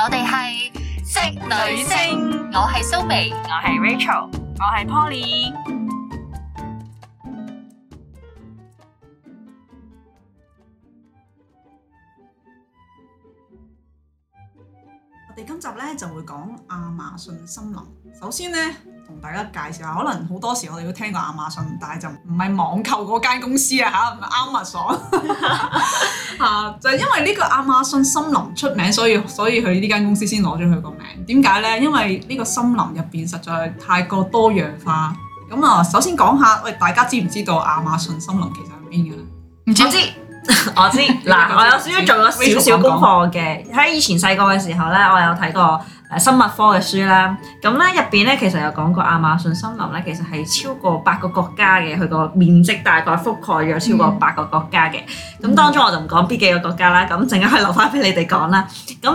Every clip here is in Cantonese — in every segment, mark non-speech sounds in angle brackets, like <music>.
我哋係職女聲，女聲，我係蘇眉，我係 Rachel，我係 Polly。咧就會講亞馬遜森林。首先咧，同大家介紹下，可能好多時我哋都聽過亞馬遜，但係就唔係網購嗰間公司啊嚇，亞馬遜啊， <laughs> <laughs> <laughs> 就因為呢個亞馬遜森林出名，所以所以佢呢間公司先攞咗佢個名。點解咧？因為呢個森林入邊實在太過多樣化。咁啊，首先講下，喂，大家知唔知道亞馬遜森林其實喺邊嘅咧？唔知。啊 <laughs> 我知嗱，我有少少做咗少少功課嘅。喺以前細個嘅時候咧，我有睇過誒生物科嘅書啦。咁咧入邊咧，其實有講過亞馬遜森林咧，其實係超過八個國家嘅，佢個面積大概覆蓋咗超過八個國家嘅。咁、嗯、當中我就唔講邊幾個國家啦，咁陣間可留翻俾你哋講啦。咁咧、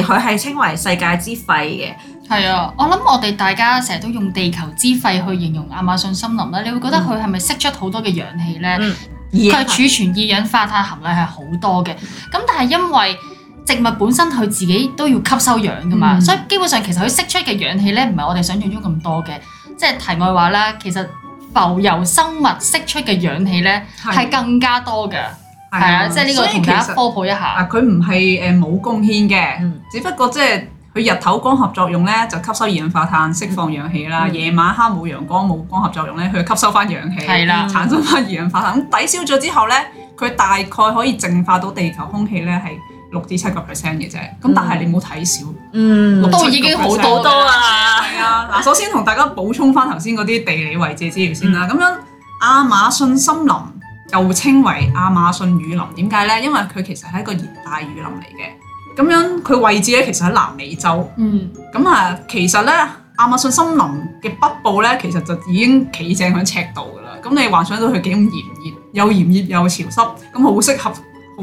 嗯，而佢係稱為世界之肺嘅。係啊， <laughs> 我諗我哋大家成日都用地球之肺去形容亞馬遜森林啦。你會覺得佢係咪釋出好多嘅氧氣咧？嗯佢係 Yeah. 儲存二氧化碳含量係好多嘅，咁但係因為植物本身佢自己都要吸收氧噶嘛，mm. 所以基本上其實佢釋出嘅氧氣咧，唔係我哋想象中咁多嘅。即係題外話啦，其實浮游生物釋出嘅氧氣咧係更加多嘅，係啊的，即係呢個同大家科普一下。啊，佢唔係誒冇貢獻嘅，只不過即係。佢日頭光合作用咧，就吸收二氧化碳，釋放氧氣啦。夜、嗯、晚黑冇陽光，冇光合作用咧，佢吸收翻氧氣，的產生翻二氧化碳。咁抵消咗之後咧，佢大概可以淨化到地球空氣咧，係六至七個 percent 嘅啫。咁但係你冇睇少，嗯，嗯都已經好好多啦。係 <laughs> 啊，嗱，首先同大家補充翻頭先嗰啲地理位置資料 <laughs> <laughs> 先啦。咁樣亞馬遜森林又稱為亞馬遜雨林，點解咧？因為佢其實係一個熱帶雨林嚟嘅。咁樣佢位置咧，其實喺南美洲。嗯，咁啊、嗯，其實咧，亞馬遜森林嘅北部咧，其實就已經企正喺赤道噶啦。咁、嗯、你幻想到佢幾咁炎熱，又炎熱又潮濕，咁好適合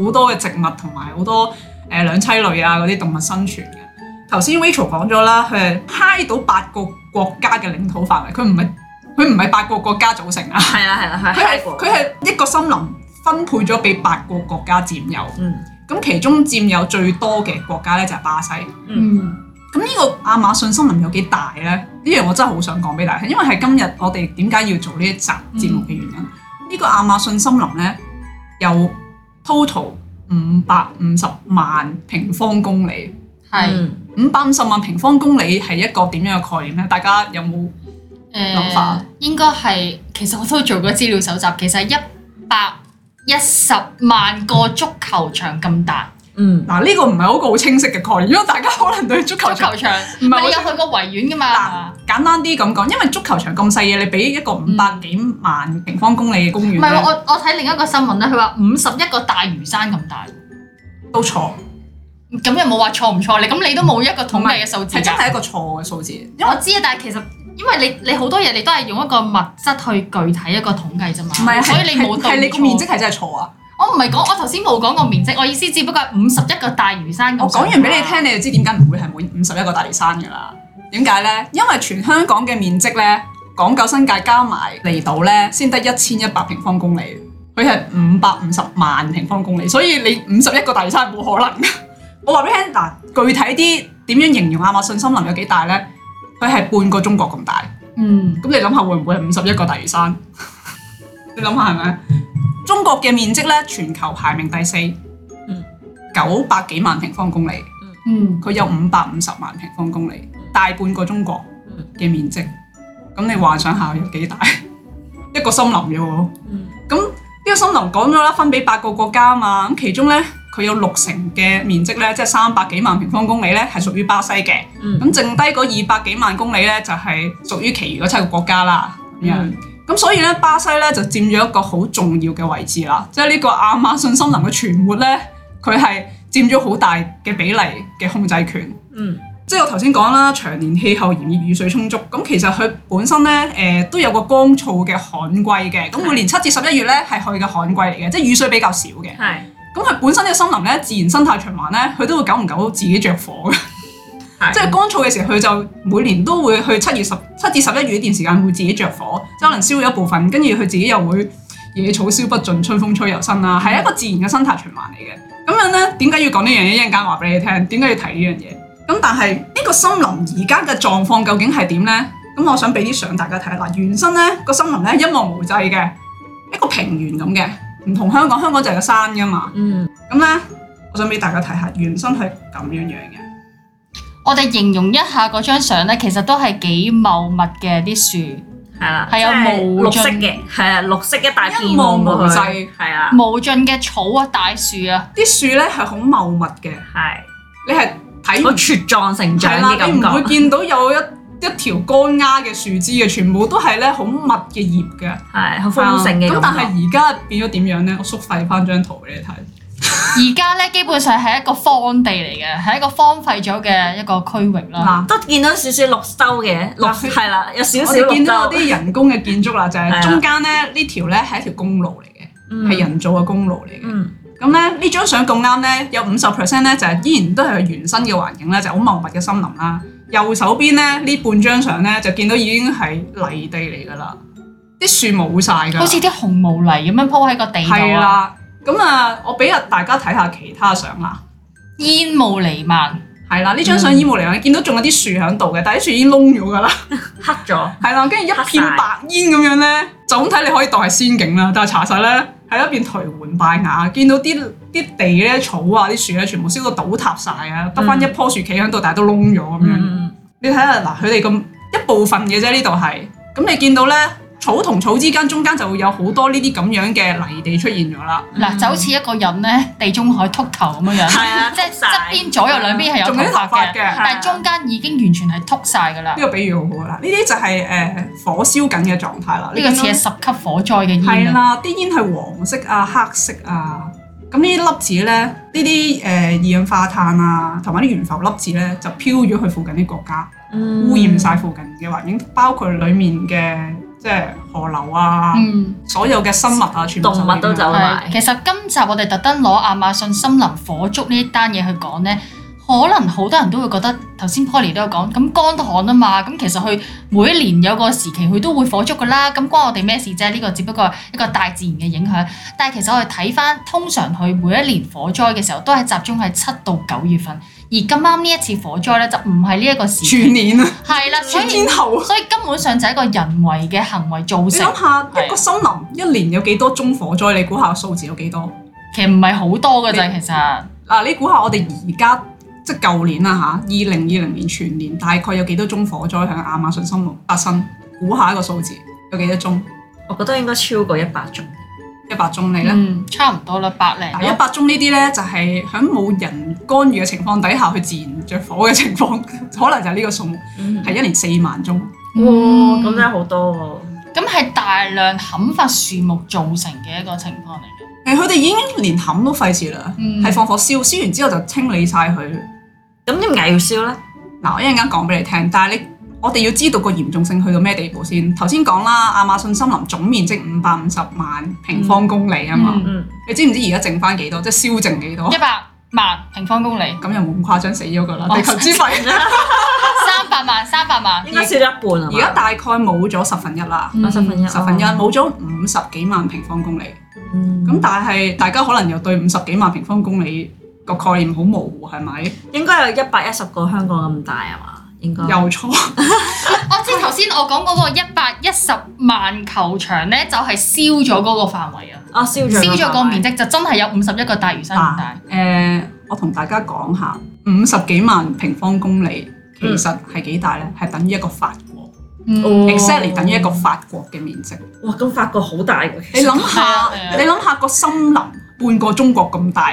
好多嘅植物同埋好多誒、呃、兩棲類啊嗰啲動物生存嘅。頭先 Rachel 講咗啦，佢係 high 到八個國家嘅領土範圍，佢唔係，佢唔係八個國家組成啊。係啊，係啊，係，佢係，佢係一個森林分配咗俾八個國家佔有。嗯。咁其中佔有最多嘅國家咧就係巴西。嗯。咁呢個亞馬遜森林有幾大咧？呢樣我真係好想講俾大家聽，因為係今日我哋點解要做呢一集節目嘅原因。呢個亞馬遜森林咧有 total 五百五十萬平方公里。係。五百五十萬平方公里係一個點樣嘅概念咧？大家有冇諗法？呃，應該係其實我都做過資料搜集。其實一百一十萬個足球場咁大，嗯，嗱、啊、呢、呢個唔係一個好清晰嘅概念，如果大家可能對足球場，唔係你有去過維園㗎嘛、啊？簡單啲咁講，因為足球場咁細嘢，你俾一個五百幾萬平方公里嘅公園，唔係、嗯嗯啊、我我睇另一個新聞咧，佢話五十一個大嶼山咁大，都錯，咁又冇話錯唔錯？嗯、你咁你都冇一個統計嘅數字，係真係一個錯嘅數字，因為我知啊，但係其實。因為你你好多嘢你都係用一個物質去具體一個統計啫嘛，唔係，所以你冇對錯。你個面積係真係錯啊！我唔係講，我頭先冇講個面積，我意思只不過五十一個大嶼山咁。我講完俾你聽，你就知點解唔會係滿五十一個大嶼山㗎啦。點解咧？因為全香港嘅面積咧，港九新界加埋離島咧，先得一千一百平方公里，佢係五百五十萬平方公里，所以你五十一個大嶼山冇可能。 <laughs> 我話俾你聽，嗱，具體啲點樣形容下亞馬遜森林有幾大咧？佢係半個中國咁大，嗯，咁你諗下會唔會係五十一個大嶼山？你諗下係咪？中國嘅面積咧，全球排名第四，嗯，九百幾萬平方公里，嗯，佢有五百五十萬平方公里，大半個中國嘅面積，咁你幻想下有幾大？一個森林啫喎，咁呢個森林講咗啦，分俾八個國家啊嘛，咁其中咧。佢有六成嘅面積咧，即係三百幾萬平方公里咧，係屬於巴西嘅。咁、嗯、剩低嗰二百幾萬公里咧，就係、是、屬於其餘嗰七個國家啦。咁、嗯嗯、所以咧，巴西咧就佔咗一個好重要嘅位置啦。即係呢個亞馬遜森林嘅存活咧，佢係佔咗好大嘅比例嘅控制權。嗯，即係我頭先講啦，長年氣候炎熱，雨水充足。咁其實佢本身咧，誒、呃、都有個乾燥嘅旱季嘅。咁每年七至十一月咧，係佢嘅旱季嚟嘅，即係雨水比較少嘅。係的。咁佢本身嘅森林咧，自然生態循環咧，佢都會久唔久自己着火嘅，的即係乾燥嘅時候，佢就每年都會去七月十七至十一月呢段時間會自己着火，即可能燒咗一部分，跟住佢自己又會野草燒不盡，春風吹又生啦，係一個自然嘅生態循環嚟嘅。咁樣咧，點解要講呢樣嘢？一陣間話俾你聽，點解要睇呢樣嘢？咁但係呢個森林而家嘅狀況究竟係點咧？咁我想俾啲相大家睇啦。原生咧個森林咧一望無際嘅一個平原咁嘅。唔同香港，香港就係個山噶嘛。嗯。咁咧，我想俾大家睇下原生係咁樣樣嘅。我哋形容一下嗰張相咧，其實都係幾茂密嘅啲樹，係啦，係有無盡嘅，係啊，綠色一大片落去，係啊，無盡嘅草啊，大樹啊，啲樹咧係好茂密嘅，係你係睇唔到茁壯成長嘅感覺，你唔會見到有一。一條幹丫嘅樹枝嘅，全部都係咧好密嘅葉嘅，係好豐盛嘅。咁但係而家變咗點樣咧？我縮細翻張圖俾你睇。而家咧基本上係一個荒地嚟嘅，係一個荒廢咗嘅一個區域啦。嗱、啊，都見到少少綠洲嘅綠，係啦是，有少少。我見到有啲人工嘅建築啦， <laughs> 就係中間咧呢條咧係一條公路嚟嘅，係、嗯、人造嘅公路嚟嘅。咁咧呢張相咁啱咧，有五十 percent 咧就係、是、依然都係原生嘅環境咧，就係、是、好茂密嘅森林啦。右手邊咧呢半張相咧就見到已經係泥地嚟噶啦，啲樹冇晒噶，好似啲紅毛泥咁樣鋪喺個地度啦。咁啊，我俾下大家睇下其他相啦。煙霧彌漫，係啦呢張相煙霧彌漫，見、嗯、到仲有啲樹喺度嘅，但係啲樹已經窿咗噶啦， <laughs> 黑咗了。係啦， <laughs> 跟住一片白煙咁樣咧，就咁睇了你可以當係仙境啦，但係查實咧。喺一邊頹垣敗瓦，見到啲啲地咧、草啊、啲樹咧，全部燒到倒塌晒啊，得翻、嗯、一棵樹企響度，但係都窿咗咁樣。嗯、你睇下嗱，佢哋咁一部分嘅啫，呢度係咁，你見到咧。草同草之間中間就會有好多呢啲咁樣嘅泥地出現咗啦。嗱就好似一個人咧，地中海禿頭咁樣樣， <laughs> 啊、 <laughs> 即係側邊左右兩邊係有頭髮嘅，髮但係中間已經完全係禿晒噶啦。呢個比喻好好啦，呢啲就係、是、誒、呃、火燒緊嘅狀態啦。呢個似係十級火災嘅煙。係啦，啲煙係黃色啊、黑色啊。咁呢啲粒子咧，呢啲誒二氧化碳啊，同埋啲懸浮粒子咧，就飄咗去附近啲國家，污染晒附近嘅環境，包括裡面嘅。即係河流啊，嗯、所有嘅生物啊，全部動物都走埋。的對其實今集我哋特登攞亞馬遜森林火燭呢單嘢去講呢，可能好多人都會覺得頭先 Polly 都有講咁乾旱啊嘛，咁其實佢每一年有個時期佢都會火燭噶啦，咁關我哋咩事啫？呢、這個只不過係一個大自然嘅影響。但係其實我哋睇翻，通常佢每一年火災嘅時候都係集中喺七到九月份。而今啱呢一次火災咧，就唔係呢一個時全年，啊，係啦，全年後、啊，所以根本上就係一個人為嘅行為造成。你諗下一個森林是的 一年有幾多宗火災？你估下個數字有幾多？其實唔係好多嘅咋，你其實嗱，你估下我哋而家即係舊年啊，吓，二零二零年全年大概有幾多宗火災喺亞馬遜森林發生？估下一個數字有幾多宗？我覺得應該超過一百宗。一百宗你咧，嗯，差唔多啦，百零。嗱，一百宗呢啲咧就係喺冇人干預嘅情況底下，佢自然着火嘅情況，可能就係呢個數，係一、嗯、年四萬宗。哇、嗯，咁、哦、真好多喎、啊！咁係大量砍伐樹木造成嘅一個情況嚟嘅。誒，佢哋已經連砍都費事啦，係、嗯、放火燒，燒完之後就清理晒佢。咁點解要燒咧？嗱、啊，我一陣間講俾你聽，但係你。我哋要知道個嚴重性去到咩地步先。頭先講啦，亞馬遜森林總面積五百五十萬平方公里啊嘛。你知唔知而家剩翻幾多？即係燒剩幾多？一百萬平方公里。咁又冇咁誇張死咗㗎啦。哦、地球之肺。 <laughs> 三百萬，三百萬，應該少一半啊。而家大概冇咗十分一啦，嗯、十分一，十分一冇咗五十幾萬平方公里。咁、嗯、但係大家可能又對五十幾萬平方公里個概念好模糊，係咪？應該有一百一十個香港咁大啊嘛？有錯，我知頭先我講嗰個一百一十萬球場咧，就係燒咗嗰個範圍啊。啊，燒燒咗個面積就真係有五十一個大嶼山大。誒，我同大家講下五十幾萬平方公里其實係幾大咧？係等於一個法國，exactly 等於一個法國嘅面積。哇，咁法國好大嘅。你諗下，你諗下個森林半個中國咁大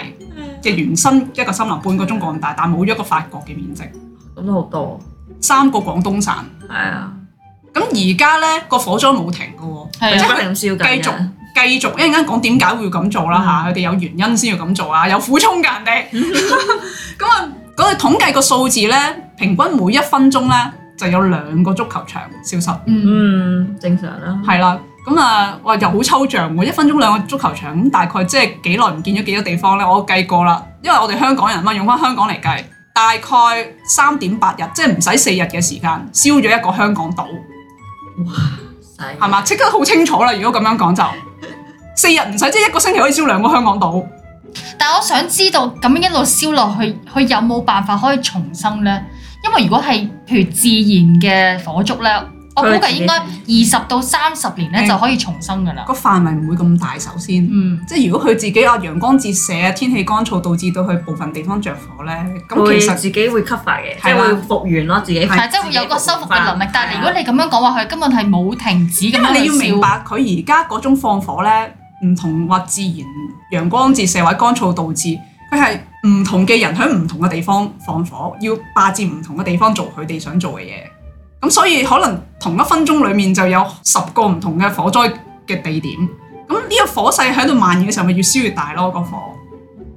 嘅原生一個森林半個中國咁大，但冇咗一個法國嘅面積，咁都好多。三個廣東省，係啊、哎呀，咁而家咧個火災冇停嘅喎，的即係繼續繼續，一陣間講點解會咁做啦嚇，佢哋、嗯、有原因先要咁做啊，有苦衷㗎，人哋咁啊，嗰個統計個數字咧，平均每一分鐘咧就有兩個足球場消失，嗯，正常啦、啊，係啦，咁啊話又好抽象喎，一分鐘兩個足球場，咁大概即係幾耐唔見咗幾多地方咧？我計過啦，因為我哋香港人嘛，用翻香港嚟計。大概三點八日，即係唔使四日嘅時間，燒咗一個香港島。哇！使係嘛？即刻好清楚啦！如果咁樣講 <laughs> 就四日唔使，即係一個星期可以燒兩個香港島。但係我想知道咁一路燒落去，佢有冇辦法可以重生呢？因為如果係譬如自然嘅火燭呢。我估計應該二十到三十年咧就可以重生噶啦。個範圍唔會咁大，首先。嗯。即係如果佢自己啊陽光折射、天氣乾燥導致到佢部分地方着火咧，咁他會 其實自己會 cover 嘅，係的會復原咯，自己。係即係會有個修復嘅能力，的但係如果你咁樣講話，佢根本係冇停止㗎嘛。你要明白，佢而家嗰種放火咧，唔同或自然陽光折射或者乾燥導致，佢係唔同嘅人喺唔同嘅地方放火，要霸佔唔同嘅地方做佢哋想做嘅嘢。咁、嗯、所以可能同一分鐘裡面就有十個唔同嘅火災嘅地點。咁呢個火勢喺度蔓延嘅時候，咪越燒越大咯。個火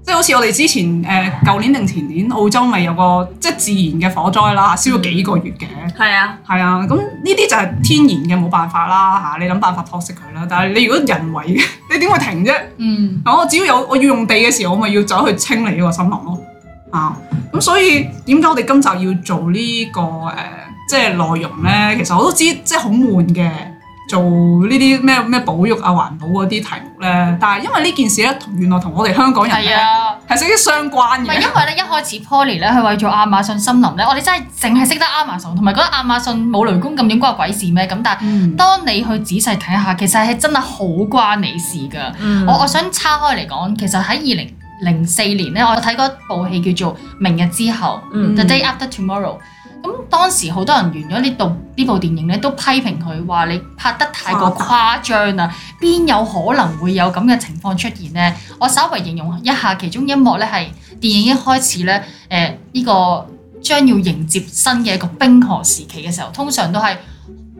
即係好似我哋之前誒舊、呃、年定前年澳洲咪有個即係自然嘅火災啦，燒咗幾個月嘅。係啊，係啊。咁呢啲就係天然嘅，冇辦法啦嚇、啊。你諗辦法撲熄佢啦。但係你如果人為嘅，你點會停啫？嗯，我、哦、只要有我要用地嘅時候，我咪要走去清理呢個森林咯啊。咁所以點解我哋今集要做呢、這個誒？呃即係內容呢，其實我都知即係好悶嘅，做呢啲咩咩保育啊、環保嗰啲題目呢，但係因為呢件事呢，原來同我哋香港人咧係息息相關嘅。唔係因為呢，一開始 Poly 呢，佢為咗亞馬遜森林呢，我哋真係淨係識得亞馬遜，同埋覺得亞馬遜冇雷公咁遠關鬼事咩？咁但係當你去仔細睇下，其實係真係好關你事㗎、嗯。我我想叉開嚟講，其實喺二零零四年呢，我我睇過一部戲叫做《明日之後》嗯、The Day After Tomorrow。咁當時好多人完咗呢部呢部電影咧，都批評佢話你拍得太過誇張啦，邊有可能會有咁嘅情況出現呢？我稍微形容一下其中一幕咧，係電影一開始咧，誒、呃、呢、呢個將要迎接新嘅一個冰河時期嘅時候，通常都係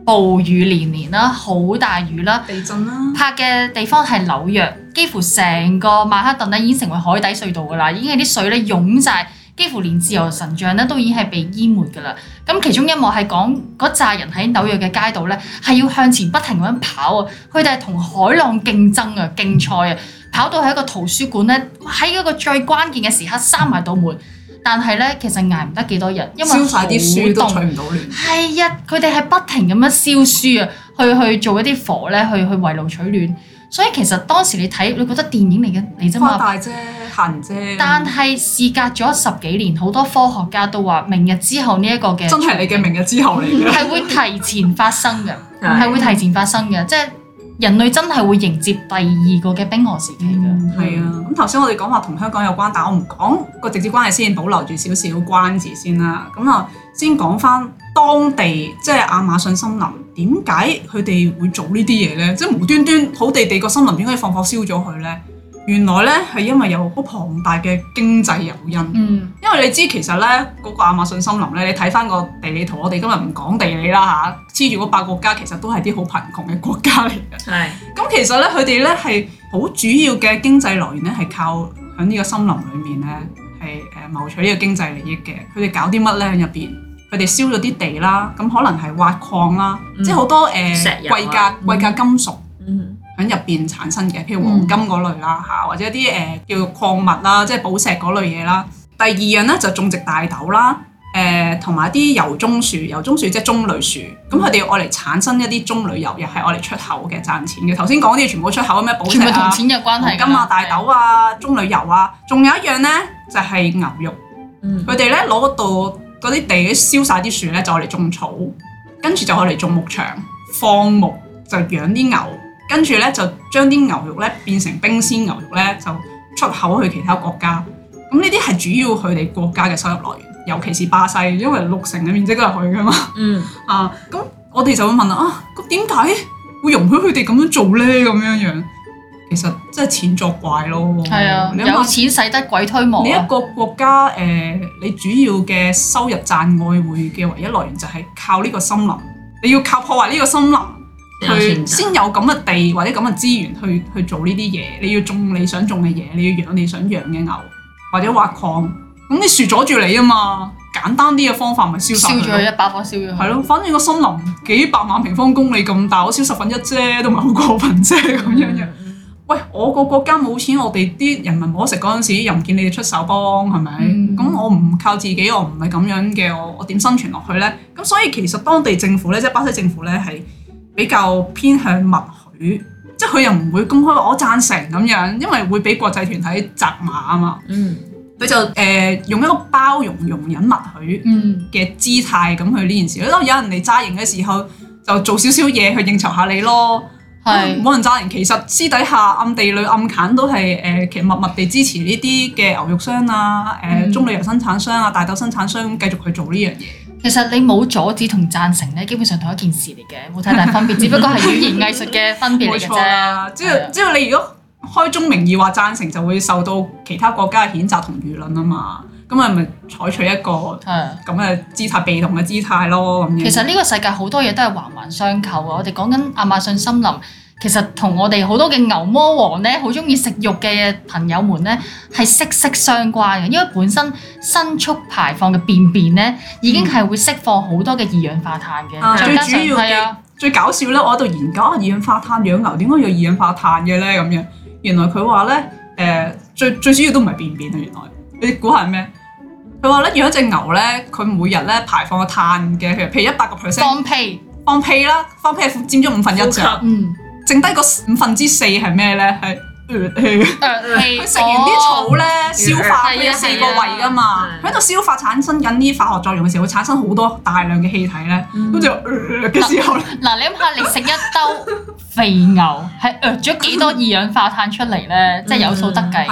暴雨連連啦，好大雨啦，地震啦，拍嘅地方係紐約，幾乎成個曼哈頓咧已經成為海底隧道噶啦，已經係啲水咧湧晒。幾乎連自由神像咧都已經係被淹沒㗎啦！咁其中一幕係講嗰扎人喺紐約嘅街道咧係要向前不停咁樣跑啊！佢哋係同海浪競爭啊、競賽啊，跑到喺一個圖書館咧，喺一個最關鍵嘅時刻閂埋道門。但係咧，其實捱唔得幾多日，因為燒曬啲書都取唔到暖。係啊，佢哋係不停咁樣燒書啊，去去做一啲火咧，去去圍爐取暖。所以其實當時你睇，你覺得電影嚟嘅嚟啫嘛，誇大啫，行啫。但係事隔咗十幾年，好多科學家都話，明日之後呢一個嘅，真係你嘅明日之後嚟嘅，係會提前發生嘅，係會提前發生嘅，即係。人類真係會迎接第二個嘅冰河時期㗎。係、嗯、啊，咁頭先我哋講話同香港有關，但係我唔講個直接關係先，保留住少少關子先啦。咁啊，先講返當地即係亞馬遜森林，點解佢哋會做呢啲嘢咧？即係無端端好地地個森林點解放火燒咗佢咧？原來咧係因為有好龐大嘅經濟誘因，嗯、因為你知其實咧嗰、嗰個亞馬遜森林咧，你睇翻個地理圖，我哋今日唔講地理啦嚇。黐住嗰八國家其實都係啲好貧窮嘅國家嚟嘅。係是。咁、嗯、其實咧佢哋咧係好主要嘅經濟來源咧係靠喺呢個森林裡面咧係誒牟取呢個經濟利益嘅。佢哋搞啲乜咧喺入邊？佢哋燒咗啲地啦，咁可能係挖礦啦，嗯、即係好多誒、呃啊、貴價貴價金屬。嗯。嗯喺入邊產生嘅，譬如黃金嗰類啦嚇，嗯、或者啲誒、呃、叫礦物啦，即係寶石嗰類嘢啦。第二樣咧就種植大豆啦，誒同埋啲油棕樹，油棕樹即係棕櫚樹。咁佢哋要愛嚟產生一啲棕櫚油，又係愛嚟出口嘅賺錢嘅。頭先講嗰啲全部出口咩樣，寶石同、啊、錢嘅關係、啊，金啊、對大豆啊、棕櫚油啊，仲有一樣咧就係、是、牛肉。佢哋咧攞度嗰啲地燒晒啲樹咧，就愛嚟種草，跟住就愛嚟種牧場放牧，就養啲牛，牛。跟住咧就將啲牛肉咧變成冰鮮牛肉咧就出口去其他國家，咁呢啲係主要佢哋國家嘅收入來源，尤其是巴西，因為六成嘅面積都係佢噶嘛。嗯啊，咁我哋就會問啦啊，咁點解會容許佢哋咁樣做咧？咁樣樣其實真係錢作怪咯。係啊，你想有錢使得鬼推磨、啊。你一個國家誒、呃，你主要嘅收入賺外匯嘅唯一來源就係靠呢個森林，你要靠破壞呢個森林。佢先有咁嘅地或者咁嘅資源去去做呢啲嘢，你要種你想種嘅嘢，你要養你想養嘅牛或者挖礦，咁你樹阻住你啊嘛！簡單啲嘅方法咪燒咗佢，一把火燒咗係咯。反正個森林幾百萬平方公里咁大，我燒十分一啫，都唔係好過分啫咁樣嘅。喂，我個國家冇錢，我哋啲人民冇得食嗰陣時，又唔見你哋出手幫係咪？咁、嗯、我唔靠自己，我唔係咁樣嘅，我我點生存落去咧？咁所以其實當地政府咧，即係巴西政府咧，係。比較偏向默許，即係佢又唔會公開我贊成咁樣，因為會俾國際團體責罵啊嘛。嗯，佢就誒用一個包容、容忍、默許嘅姿態咁去呢件事。當、嗯、有人嚟炸營嘅時候，就做少少嘢去應酬下你咯。係冇是、嗯、人炸營，其實私底下暗地裏暗砍都係誒、呃，其實默默地支持呢啲嘅牛肉商啊、誒、呃嗯、棕櫚油生產商啊、大豆生產商繼續去做呢樣嘢。其實你冇阻止同贊成咧，基本上同一件事嚟嘅，冇太大分別， <laughs> 只不過係語言藝術嘅分別嚟嘅啫。即係即係你如果開宗明義話贊成，就會受到其他國家嘅譴責同輿論啊嘛。咁啊，咪採取一個咁嘅姿態，被動嘅姿態咯。咁其實呢個世界好多嘢都係環環相扣啊。我哋講緊亞馬遜森林。其實同我哋好多嘅牛魔王咧，好中意食肉嘅朋友們咧，係息息相關嘅。因為本身牲畜排放嘅便便咧，已經係會釋放好多嘅二氧化碳嘅。最主要係啊，最搞笑咧，我喺度研究啊，二氧化碳養牛點解要二氧化碳嘅咧？咁樣，原來佢話咧，誒、呃，最最主要都唔係便便啊。原來你估係咩？佢話咧，養一隻牛咧，佢每日咧排放個碳嘅，譬如一百個 percent 放屁，放屁啦，放屁佔咗五分一咋，嗯。剩低個五分之四係咩呢？係嗝氣，佢食氣 <laughs> 完啲草消噢化，佢有四個胃噶嘛，喺度消化產生緊啲化學作用嘅時候，會產生好多大量嘅氣體咧，跟住嘅時候咧，嗱，你諗下，你食一兜肥牛，係嗝咗幾多二氧化碳出嚟咧？即係 <laughs> 有數得計。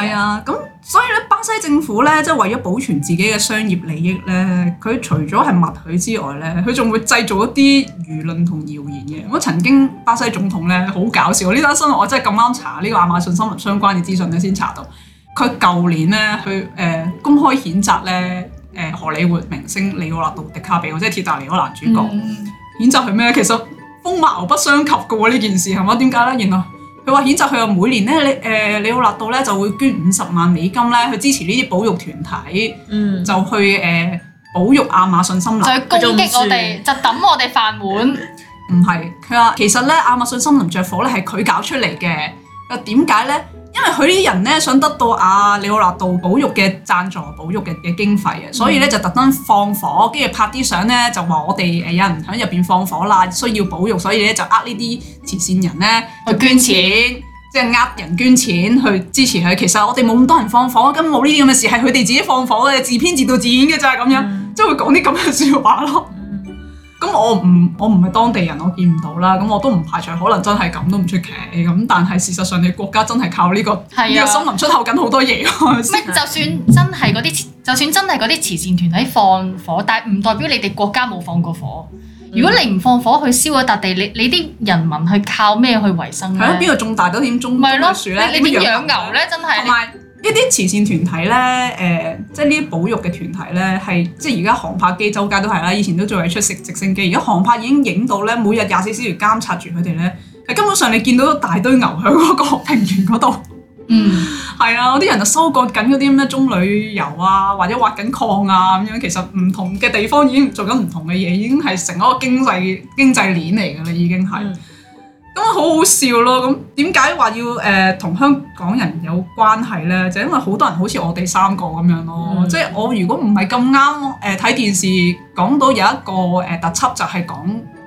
所以咧，巴西政府咧，即係為咗保存自己嘅商業利益咧，佢除咗係默許之外咧，佢仲會製造一啲輿論同謠言嘅。我曾經巴西總統咧好搞笑，呢單新聞我真係咁啱查呢個亞馬遜新聞相關嘅資訊咧先查到，佢舊年咧去誒公開譴責咧誒、呃呃、荷里活明星李奧納多迪卡比奧即係鐵達尼嗰男主角，嗯、譴責係咩？其實風馬牛不相及㗎喎呢件事係嘛？點解咧？原來。佢話譴責佢每年你誒李奧納多就會捐五十萬美金去支持呢啲保育團體，嗯、就去、呃、保育亞馬遜森林，就攻擊住我哋，就抌我哋飯碗 <laughs> 不是。唔係，佢話其實咧亞馬遜森林着火咧係佢搞出嚟嘅，又點解呢？因為佢啲人咧想得到阿李奧納度保育嘅贊助保育嘅嘅經費啊，所以咧就特登放火，跟住拍啲相咧就話我哋誒有人喺入邊放火啦，需要保育，所以咧就呃呢啲慈善人咧去捐錢，即係呃人捐錢去支持佢。其實我哋冇咁多人放火，咁冇呢啲咁嘅事係佢哋自己放火嘅自編自導自演嘅，咋咁樣，即係、嗯、會講啲咁嘅説話咯。我唔我唔係當地人，我見唔到啦。咁我都唔排除可能真係咁都唔出奇咁。但係事實上，你國家真係靠呢、呢個呢、啊、個森林出口緊好多嘢咯。唔麼 <laughs> 就算真係嗰啲，就算真係啲慈善團體放火，但係唔代表你哋國家冇放過火。嗯、如果你唔放火去燒嗰笪地，你你啲人民去靠咩去維生咧？喺邊度種大豆？點種樹咧？你點養牛咧？真係的。有一啲慈善團體咧，誒、呃，即係呢啲保育嘅團體咧，係即係而家航拍機周街都係啦，以前都仲係出食直升機，而家航拍已經影到咧，每日廿四小時監察住佢哋咧，係根本上你見到一大堆牛喺嗰個平原嗰度，嗯，係啊，啲人就收割緊嗰啲咩棕櫚油啊，或者挖緊礦啊咁樣，其實唔同嘅地方已經做緊唔同嘅嘢，已經係成一個經濟經濟鏈嚟㗎啦，已經係。嗯咁好好笑咯！咁點解話要誒同、呃、香港人有關係呢？就係、因為好多人好似我哋三個咁樣咯，嗯、即係我如果唔係咁啱誒睇電視講到有一個誒、呃、特輯就係講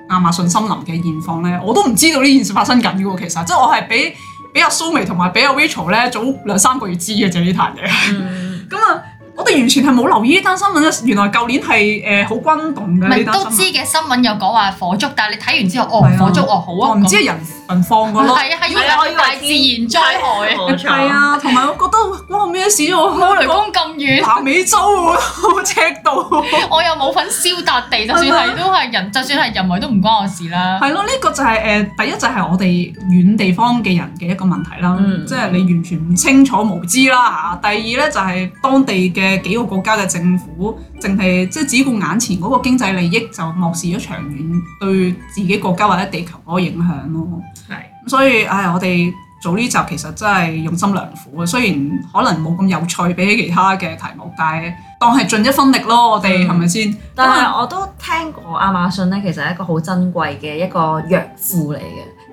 亞馬遜森林嘅現況呢，我都唔知道呢件事發生緊噶喎。其實即係我係比比阿蘇眉同埋比阿 Rachel 咧早兩三個月知嘅就呢壇嘢，咁啊。嗯嗯我哋完全係冇留意呢單新聞，原來舊年係誒好轟動嘅。唔係都知嘅新聞有講話火燭，但係你睇完之後，哦火燭哦好啊！我唔知係人人放個咯，係啊係啊！因為大自然災害，係啊，同埋我覺得哇咩事，我雷公咁遠，南美洲喎赤道，我又冇份燒笪地，就算係都係人，就算係人為都唔關我事啦。係咯，呢個就係誒第一就係我哋遠地方嘅人嘅一個問題啦，即係你完全唔清楚無知啦嚇。第二咧就係當地嘅。誒，幾個國家嘅政府淨係即係只顧眼前嗰個經濟利益，就漠視咗長遠對自己國家或者地球嗰個影響咯。係的，所以唉、哎，我哋做呢集其實真係用心良苦啊。雖然可能冇咁有，有趣比起其他嘅題目，但係當係盡一分力咯。我哋係咪先？但係我都聽過亞馬遜咧，其實係一個好珍貴嘅一個藥庫嚟嘅。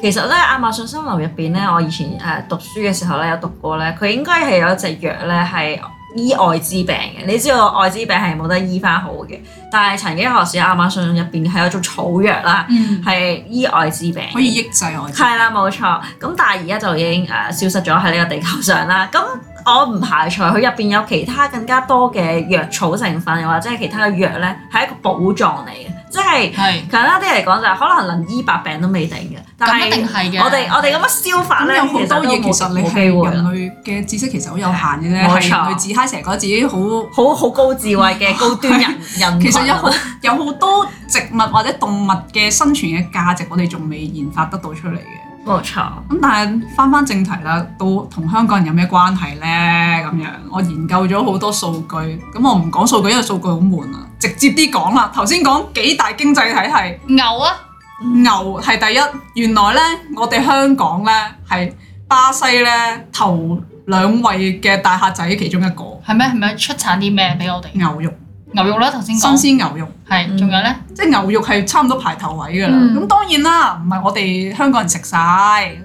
其實咧，亞馬遜森林入邊咧，我以前誒讀書嘅時候咧，有讀過咧，佢應該係有一隻藥咧係。醫愛滋病嘅，你知道愛滋病係冇得醫翻好嘅。但係曾經喺亞馬遜入邊係有一種草藥啦，係醫愛滋病，可以抑制艾滋。係啦，冇錯。咁但係而家就已經誒消失咗喺呢個地球上啦。咁我唔排除佢入邊有其他更加多嘅藥草成分，又或者係其他嘅藥咧，係一個寶藏嚟嘅。即係，是其實啲嚟講就係可能能醫百病都未定嘅。但咁一定係嘅。我哋我哋咁樣消化咧，嗯、其實都冇新氣嘅。我人類嘅知識其實好有限嘅啫。冇、嗯、錯。自 h 成日覺得自己好好好高智慧嘅高端人，人， <laughs> 其實有好有好多植物或者動物嘅生存嘅價值，我哋仲未研發得到出嚟嘅。冇錯，咁但係翻翻正題啦，都同香港人有咩關係咧？咁樣我研究咗好多數據，咁我唔講數據，因為數據好悶啊。直接啲講啦，頭先講幾大經濟體系，牛啊，牛係第一。原來咧，我哋香港咧係巴西咧頭兩位嘅大客仔其中一個，係咩？係咪出產啲咩俾我哋？牛肉。牛肉啦，頭先講新鮮牛肉，係，仲有咧、嗯，即係牛肉係差唔多排頭位㗎啦。咁、嗯、當然啦，唔係我哋香港人食晒，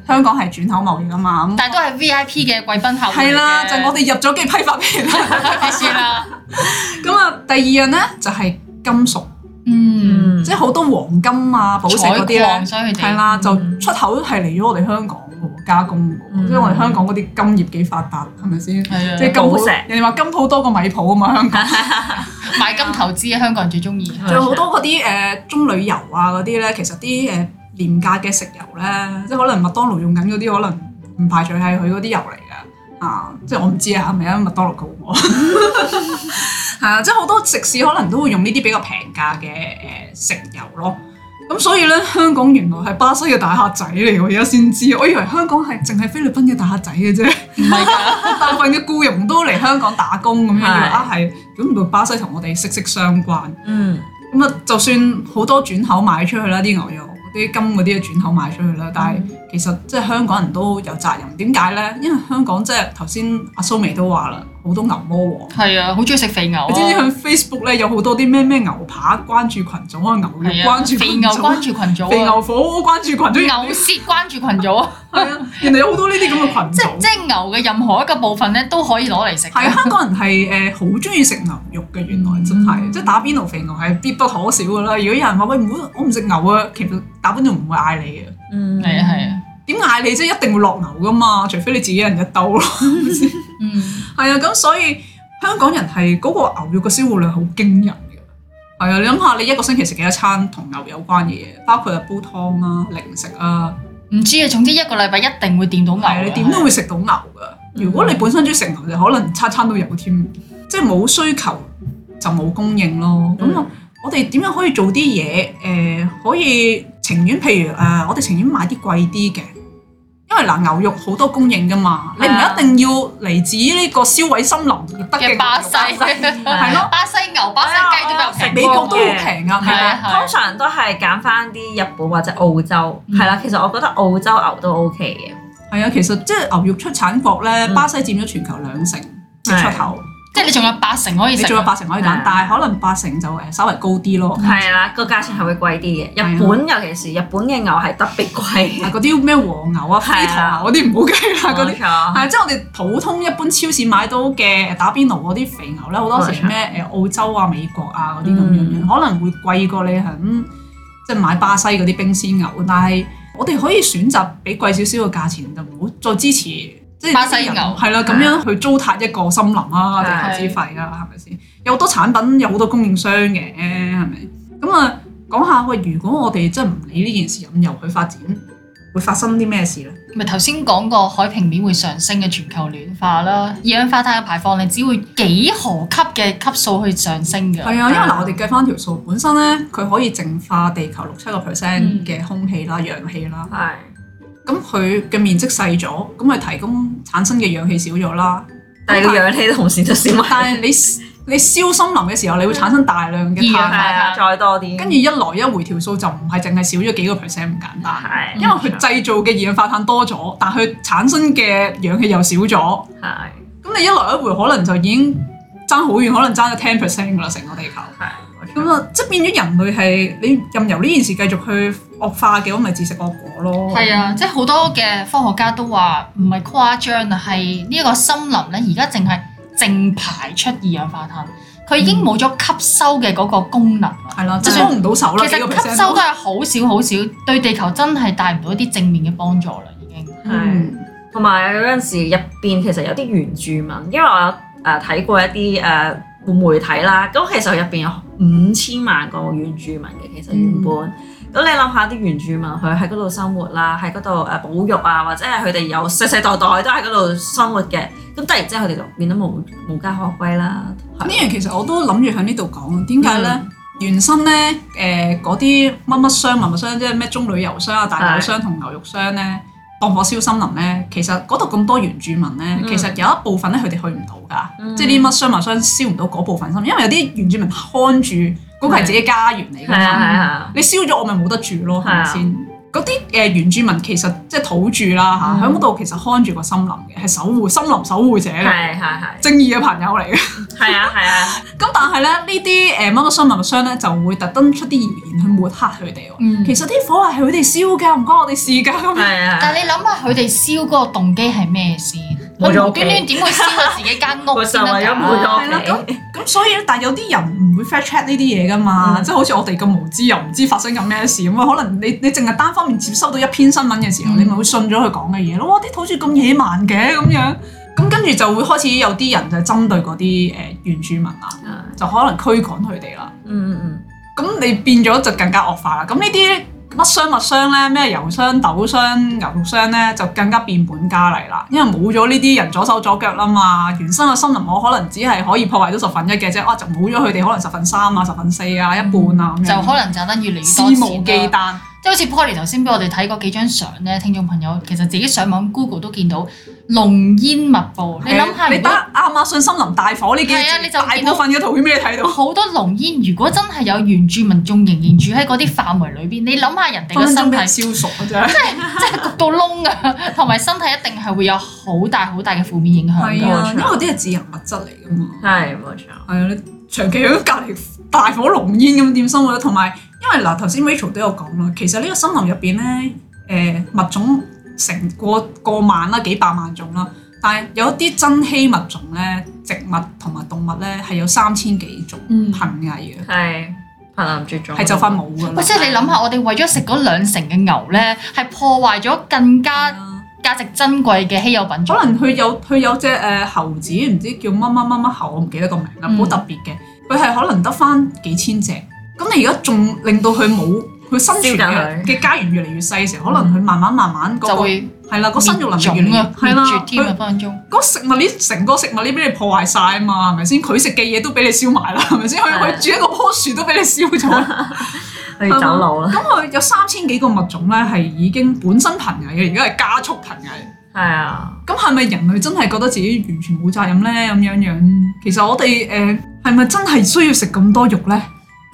香港係轉口貿易㗎嘛。但係都係 V I P 嘅貴賓客戶嚟就我哋入咗機批發俾佢哋先啦。咁啊，第二樣咧就係、係、金屬，嗯，即係好多黃金啊、寶石嗰啲咧，係啦，就出口係嚟咗我哋香港。嗯加工喎，嗯、即係我哋香港嗰啲金業幾發達，係咪先？係啊的，即係金鋪，很人哋話金鋪多過米鋪啊嘛！香港 <laughs> 買金投資啊， <laughs> 香港人最、呃、中意。仲有好多嗰啲誒棕旅遊啊嗰啲咧，其實啲誒廉價嘅食油咧，即係可能麥當勞用緊嗰啲，可能唔排除係佢嗰啲油嚟㗎啊！即係我唔知啊，係咪啊麥當勞嘅喎？啊，即係好多，多食肆可能都會用呢啲比較平價嘅誒食油咯。咁所以呢，香港原來係巴西嘅大客仔嚟嘅，而家先知道。我以為香港係淨係菲律賓嘅大客仔嘅啫，唔係㗎， <laughs> 大部分嘅雇傭都嚟香港打工咁，啊係，咁唔 <laughs> 巴西同我哋息息相關。嗯，咁啊，就算好多轉口賣出去啦，啲牛肉、啲金嗰啲啊轉口賣出去啦，但係，嗯其實即係香港人都有責任，點解咧？因為香港即係頭先阿蘇眉都話啦，好多牛魔王係啊，好中意食肥牛、啊。你知唔知佢 Facebook 咧有好多啲咩咩牛扒關注群組啊，牛肉關注、啊、肥牛關注群組，肥牛火鍋關注群組，牛舌關注群組啊？係 <laughs> 啊，原來有好多呢啲咁嘅群組。即即牛嘅任何一個部分咧都可以攞嚟食。係啊，香港人係誒好中意食牛肉嘅，原來真係、嗯、即係打邊爐肥牛係必不可少㗎啦。如果有人話喂，唔好，我唔食牛啊，其實打邊爐唔會嗌你嘅。嗯，係啊的，係啊，點嗌你即係一定會落牛噶嘛，除非你自己一人一兜咯，係 <laughs> 啊、嗯，咁 <laughs> 所以香港人係嗰個牛肉嘅消耗量好驚人嘅，係啊，你諗下你一個星期食幾多餐同牛有關嘅嘢，包括係煲湯啊、零食啊，唔知啊，總之一個禮拜一定會掂到牛，係你點都會食到牛噶，的如果你本身中意食牛就可能餐餐都有添，嗯、即係冇需求就冇供應咯，咁啊、嗯，我哋點樣可以做啲嘢誒可以？情願，譬如誒，我哋情願買啲貴啲嘅，因為嗱牛肉好多供應噶嘛，你唔一定要嚟自呢個燒毀森林而得嘅巴西，係咯，巴西牛、巴西雞都比較平，美國都好平啊，通常都係揀翻啲日本或者澳洲，係啦，其實我覺得澳洲牛都 OK 嘅，係啊，其實即係牛肉出產國咧，巴西佔咗全球兩成出口。即係你仲有八成可以食，你仲有八成可以揀，的但係可能八成就誒稍微高啲咯。係啦，個價錢係會貴啲嘅。日本的尤其是日本嘅牛係特別貴，嗰啲咩黃牛啊、肥牛的啊嗰啲唔好計啦，嗰啲係即係我哋普通一般超市買到嘅打邊爐嗰啲肥牛咧，好多時咩誒澳洲啊、美國啊嗰啲咁樣樣，錯可能會貴過你肯即係買巴西嗰啲冰鮮牛。但係我哋可以選擇俾貴少少嘅價錢，就唔好再支持。即係巴西牛，係啦、啊，咁樣去糟蹋一個森林啊，地球之肺啊，係咪先？有好多產品，有好多供應商嘅，係咪？咁啊，講下喂，如果我哋真係唔理呢件事咁，由佢去發展，會發生啲咩事咧？咪頭先講過海平面會上升嘅全球暖化啦，二氧化碳嘅排放你只會幾何級嘅級數去上升嘅。係啊，嗯、因為嗱，我哋計翻條數，本身咧佢可以淨化地球六七個 percent 嘅空氣啦、氧、嗯、氣啦。係。咁佢嘅面積細咗，咁咪提供產生嘅氧氣少咗啦。但係個但氧氣同時都少。但係你 <laughs> 你燒森林嘅時候， <laughs> 你會產生大量嘅二氧化碳，再多啲。跟住一來一回條數就唔係淨係少咗幾個 percent 咁簡單。係的，因為佢製造嘅二氧化碳多咗，的但係佢產生嘅氧氣又少咗。係的。咁你一來一回可能就已經爭好遠，可能爭咗 ten percent 啦，成個地球。係。咁啊，即係變咗人類係你任由呢件事繼續去惡化嘅，我咪自食惡果咯。係啊，即係好多嘅科學家都話唔係誇張啊，係呢、嗯、個森林咧而家淨係淨排出二氧化碳，佢已經冇咗吸收嘅嗰個功能啦。係咯、嗯啊，即係幫唔到手啦。其實吸收都係好少好少，嗯、對地球真係帶唔到一啲正面嘅幫助啦，已經。係、嗯。同埋有陣時入邊其實有啲原住民，因為我誒睇、呃、過一啲誒。呃媒體啦，咁其實入邊有五千萬個原住民嘅，其實原本咁、嗯、你諗下啲原住民佢喺嗰度生活啦，喺嗰度誒保育啊，或者係佢哋有世世代代都喺嗰度生活嘅，咁突然之間佢哋就變得無無家可歸啦。呢樣其實我都諗住喺呢度講，點解咧？原身咧誒嗰啲乜乜商、文乜商，即係咩棕櫚油商啊、大豆商同牛肉商咧。當火燒森林咧，其實嗰度咁多原住民咧，嗯、其實有一部分咧佢哋去唔到噶，嗯、即係啲乜雙馬雙，雙燒唔到嗰部分森林，因為有啲原住民看住嗰個係自己家園嚟嘅，你燒咗我咪冇得住咯，係咪先？嗰啲誒原住民其實即係土著啦嚇，喺嗰度其實看住個森林嘅，係守護森林守護者嘅，係係係正義嘅朋友嚟嘅。係啊係啊。咁、啊、 <laughs> 但係咧，呃、森林森呢啲誒乜乜森林嘅商咧就會特登出啲謠言，言去抹黑佢哋喎。嗯、其實啲火係佢哋燒嘅，唔關我哋事㗎嘛。係啊。是是是但係你諗下佢哋燒嗰個動機係咩先？我，我無端端點會燒自己間屋先得㗎？係啦， <laughs> 咁咁所以但係有啲人唔會 fact check 呢啲嘢㗎嘛，即係、嗯、好似我哋咁無知，又唔知發生緊咩事咁啊？可能你你淨係單方面接收到一篇新聞嘅時候，嗯、你咪會信咗佢講嘅嘢咯。哇！啲土著咁野蠻嘅咁樣，咁跟住就會開始有啲人就針對嗰啲誒原住民啦，就可能驅趕佢哋啦。嗯嗯嗯，咁你變咗就更加惡化啦。咁呢啲乜商物商咧？咩油商、豆商、牛肉商咧，就更加變本加厲啦！因為冇咗呢啲人左手左腳啦嘛，原生嘅森林我可能只係可以破壞咗十分一嘅啫，哇、啊，就冇咗佢哋可能十分三啊、十分四啊、一半啊咁樣，嗯、的就可能就等越嚟越肆無忌憚。即係好似 Poly 頭先俾我哋睇嗰幾張相咧，聽眾朋友其實自己上網 Google 都見到濃煙密布的。你諗下，你得亞馬遜森林大火呢幾日大火，你見到圖片咩睇到？好多濃煙。如果真係有原住民仲仍然住喺嗰啲範圍裏邊，嗯、你諗下人哋嘅身體消索啊，即係的 <laughs> 真係焗到燶㗎，同埋身體一定係會有好大好大嘅負面影響。的因為嗰啲係致癌物質嚟㗎嘛。係，冇錯。係啊，你長期喺隔籬大火濃煙咁點生活咧，同埋。因為嗱，頭先 Rachel 都有講啦，其實呢個森林入邊咧，誒、呃、物種成過過萬啦，幾百萬種啦，但係有一啲珍稀物種咧，植物同埋動物咧係有三千幾種藝，瀕危嘅，係瀕臨絕種，係就翻冇㗎啦。喂、嗯，即係你諗下，我哋為咗食嗰兩成嘅牛咧，係破壞咗更加價值珍貴嘅稀有品種。嗯、可能佢有佢有隻誒猴子，唔知叫乜乜乜乜猴，我唔記得個名啦，好、嗯、特別嘅，佢係可能得翻幾千隻。咁你而家仲令到佢冇佢生存嘅嘅家園越嚟越細嘅時候，嗯、可能佢慢慢慢慢、嗰個、就會係啦，嗰個生育能力越嚟越弱，滅天嗰食物鏈成個食物鏈俾你破壞晒啊嘛，係咪先？佢食嘅嘢都俾你燒埋啦，係咪先？佢佢的住一個棵樹都俾你燒咗， <laughs> 你走佬啦！咁佢有三千幾個物種咧，係已經本身瀕危嘅，而家係加速瀕危。係啊的！咁係咪人類真係覺得自己完全冇責任咧？咁樣樣樣，其實我哋誒係咪真係需要食咁多肉咧？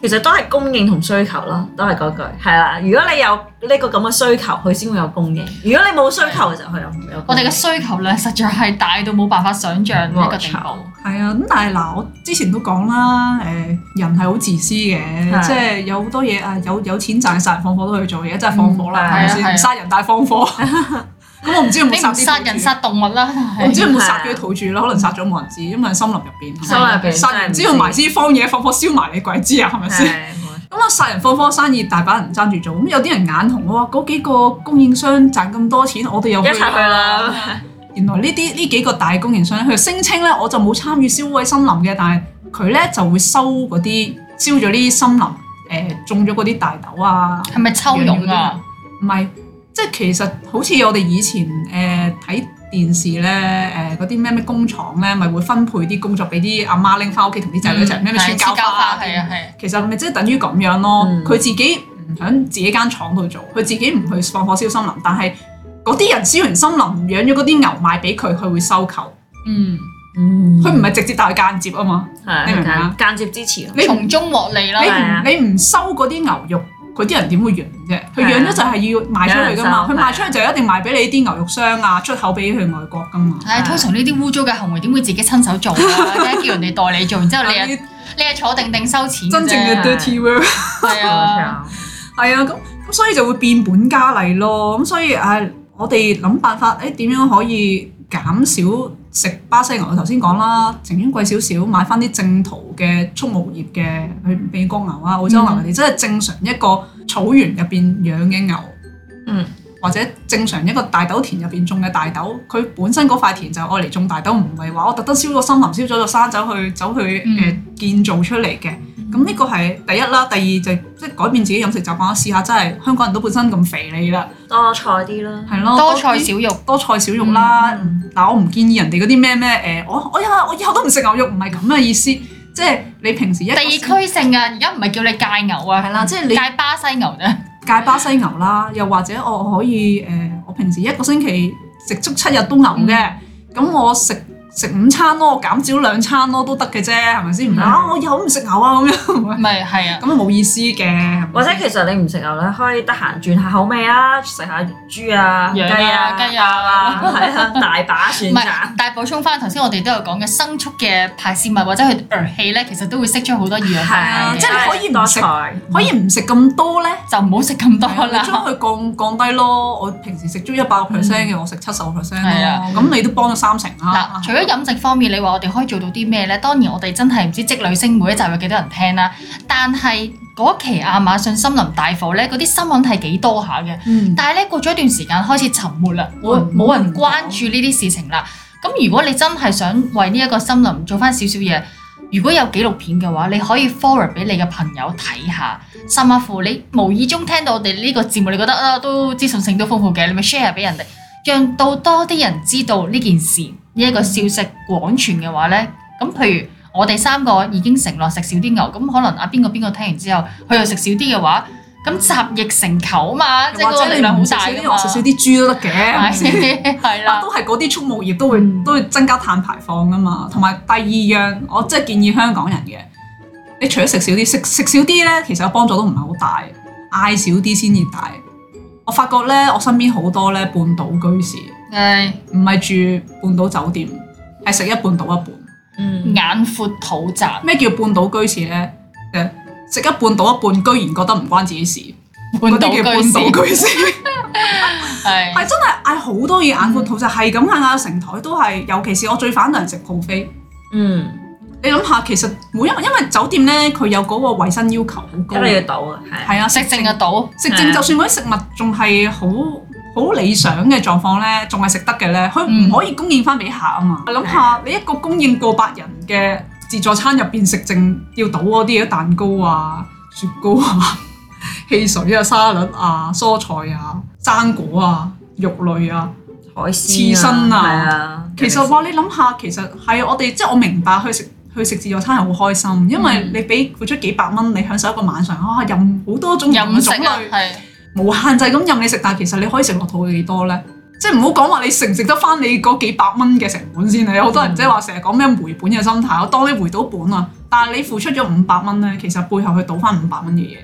其實都係供應同需求咯，都係嗰句，係啦。如果你有呢個咁嘅需求，佢先會有供應。如果你冇需求嘅時候，佢又唔會有。我哋嘅需求量實在係大到冇辦法想象呢個程度。係啊，咁但係嗱，我之前都講啦，誒，人係好自私嘅，的即係有好多嘢啊，有有錢賺殺人，放火都去做，而家，真係放火啦，係咪先？的殺人但係放火。 <laughs> 咁我唔知有冇殺人殺動物啦，我唔知有冇殺佢土著啦，可能殺咗冇人知，因為森林入邊，森林入邊唔知道埋啲荒野，放火燒埋你鬼知啊，係咪先？咁啊，殺人放火生意大把人爭住做，咁有啲人眼紅啊，嗰幾個供應商賺咁多錢，我哋又去啦。原來呢啲呢幾個大供應商，佢聲稱咧，我就冇參與燒毀森林嘅，但係佢咧就會收嗰啲燒咗啲森林，誒種咗嗰啲大豆啊，係咪抽佣啊？唔係。即係其實好似我哋以前誒睇電視咧，誒嗰啲咩咩工廠咧，咪會分配啲工作俾啲阿媽拎翻屋企同啲仔女一齊咩咩穿膠花，係啊係啊。其實咪即係等於咁樣咯，佢自己唔響自己間廠度做，佢自己唔去放火燒森林，但係嗰啲人燒完森林，養咗嗰啲牛賣俾佢，佢會收購。嗯嗯，佢唔係直接帶去間接啊嘛，你明唔明啊？間接支持，你從中獲利啦。你唔你唔收嗰啲牛肉。嗰啲人點會養啫？佢的養咗就係要賣出去㗎嘛，佢賣出去就一定賣俾你啲牛肉商啊，出口俾你去外國㗎嘛。係的通常呢啲污糟嘅行為點會自己親手做啊？而家 <laughs> 叫人哋代你做，然之後你 <laughs> 你係還坐定定收錢。真正嘅 dirty work 係啊，係啊，咁所以就會變本加厲咯。咁所以、啊、我哋諗辦法誒，點樣可以？減少食巴西牛，我頭先講啦，情願貴少少，買翻啲正途嘅畜牧業嘅譬如美國牛啊、澳洲牛嗰啲，真係、嗯、正常一個草原入邊養嘅牛，嗯，或者正常一個大豆田入邊種嘅大豆，佢本身嗰塊田就係愛嚟種大豆，唔係話我特登燒咗森林、燒咗個山走去走去誒、嗯呃、建造出嚟嘅。咁呢個係第一啦，第二就即係改變自己飲食習慣咯。試下真係香港人都本身咁肥膩啦，的多菜啲啦，係咯，多菜少肉，多菜少肉啦。但我唔建議人哋嗰啲咩咩誒，我我以後我以後都唔食牛肉，唔係咁嘅意思。即係你平時一地區性嘅、啊，而家唔係叫你戒牛啊，係啦，即、就、係、是、你戒巴西牛啫、啊，戒巴西牛啦、啊。又或者我可以誒、呃，我平時一個星期食足七日都牛嘅，咁、嗯、我食。食五餐咯，減少兩餐咯都得嘅啫，係咪先？啊，我有唔食牛啊咁樣，唔係係啊，咁啊冇意思嘅。或者其實你唔食牛咧，可以得閒轉下口味啊，食下魚豬啊、羊啊、雞啊，係啊，大把選擇。唔係，但係補充翻頭先，我哋都有講嘅生畜嘅排泄物或者佢氣咧，其實都會釋出好多二氧化碳嘅。即係你可以唔食，可以唔食咁多咧，就唔好食咁多啦。將佢降降低咯，我平時食足一百個 percent 嘅，我食七十個 percent 咯。咁你都幫咗三成啦。嗱，除咗飲食方面，你話我哋可以做到啲咩呢？當然，我哋真係唔知職女聲，每一集有幾多人聽啦。但係嗰期亞馬遜森林大火呢，嗰啲新聞係幾多下嘅。嗯、但係呢，過咗一段時間開始沉沒啦，冇、哦、人關注呢啲事情啦。咁、哦、如果你真係想為呢一個森林做翻少少嘢，如果有紀錄片嘅話，你可以 follow 俾你嘅朋友睇下。甚至乎，你無意中聽到我哋呢個節目，你覺得啊都資訊性都豐富嘅，你咪 share 俾人哋，讓到多啲人知道呢件事。呢一個消息廣傳嘅話咧，咁譬如我哋三個已經承諾食少啲牛，咁可能啊邊個邊個聽完之後，佢又食少啲嘅話，咁集腋成裘啊嘛，即係嗰個力量好大啊嘛。食 <laughs> 少啲豬 <laughs> <laughs> 都得嘅，係啦，都係嗰啲畜牧業都會都會增加碳排放㗎嘛。同埋第二樣，我即係建議香港人嘅，你除咗食少啲，食食少啲咧，其實幫助都唔係好大，嗌少啲先至大。我發覺咧，我身邊好多咧，半島居士。係唔係住半島酒店，係食一半倒一半，眼闊肚窄。咩叫半倒居士咧？誒，食一半倒一半，居然覺得唔關自己事。半倒居士係係真係嗌好多嘢，眼闊肚窄，係咁嗌，嗌成台都係。尤其是我最反對係食泡飛。嗯，你諗下，其實每一因為酒店咧，佢有嗰個衛生要求好高，食剩嘅倒，係啊，食剩嘅倒，食剩就算嗰啲食物仲係好。好理想嘅狀況呢，仲係食得嘅呢。佢唔可以供應翻俾客啊嘛！諗、嗯、下是你一個供應過百人嘅自助餐入邊食剩要倒嗰啲蛋糕啊、雪糕啊、汽水啊、沙律啊、蔬菜啊、生果啊、肉類啊、海鮮、啊、刺身啊，啊其實話、啊、你諗下，其實係我哋即係我明白，去食去食自助餐係好開心，因為你俾付出幾百蚊，你享受一個晚上，哇、啊！任好多種任種類、啊。無限制咁任你食，但係其實你可以食落肚幾多咧？即係唔好講話你食唔食得翻你嗰幾百蚊嘅成本先啊！有好多人即係話成日講咩回本嘅心態，我當你回到本啊，但係你付出咗五百蚊咧，其實背後去倒翻五百蚊嘅嘢。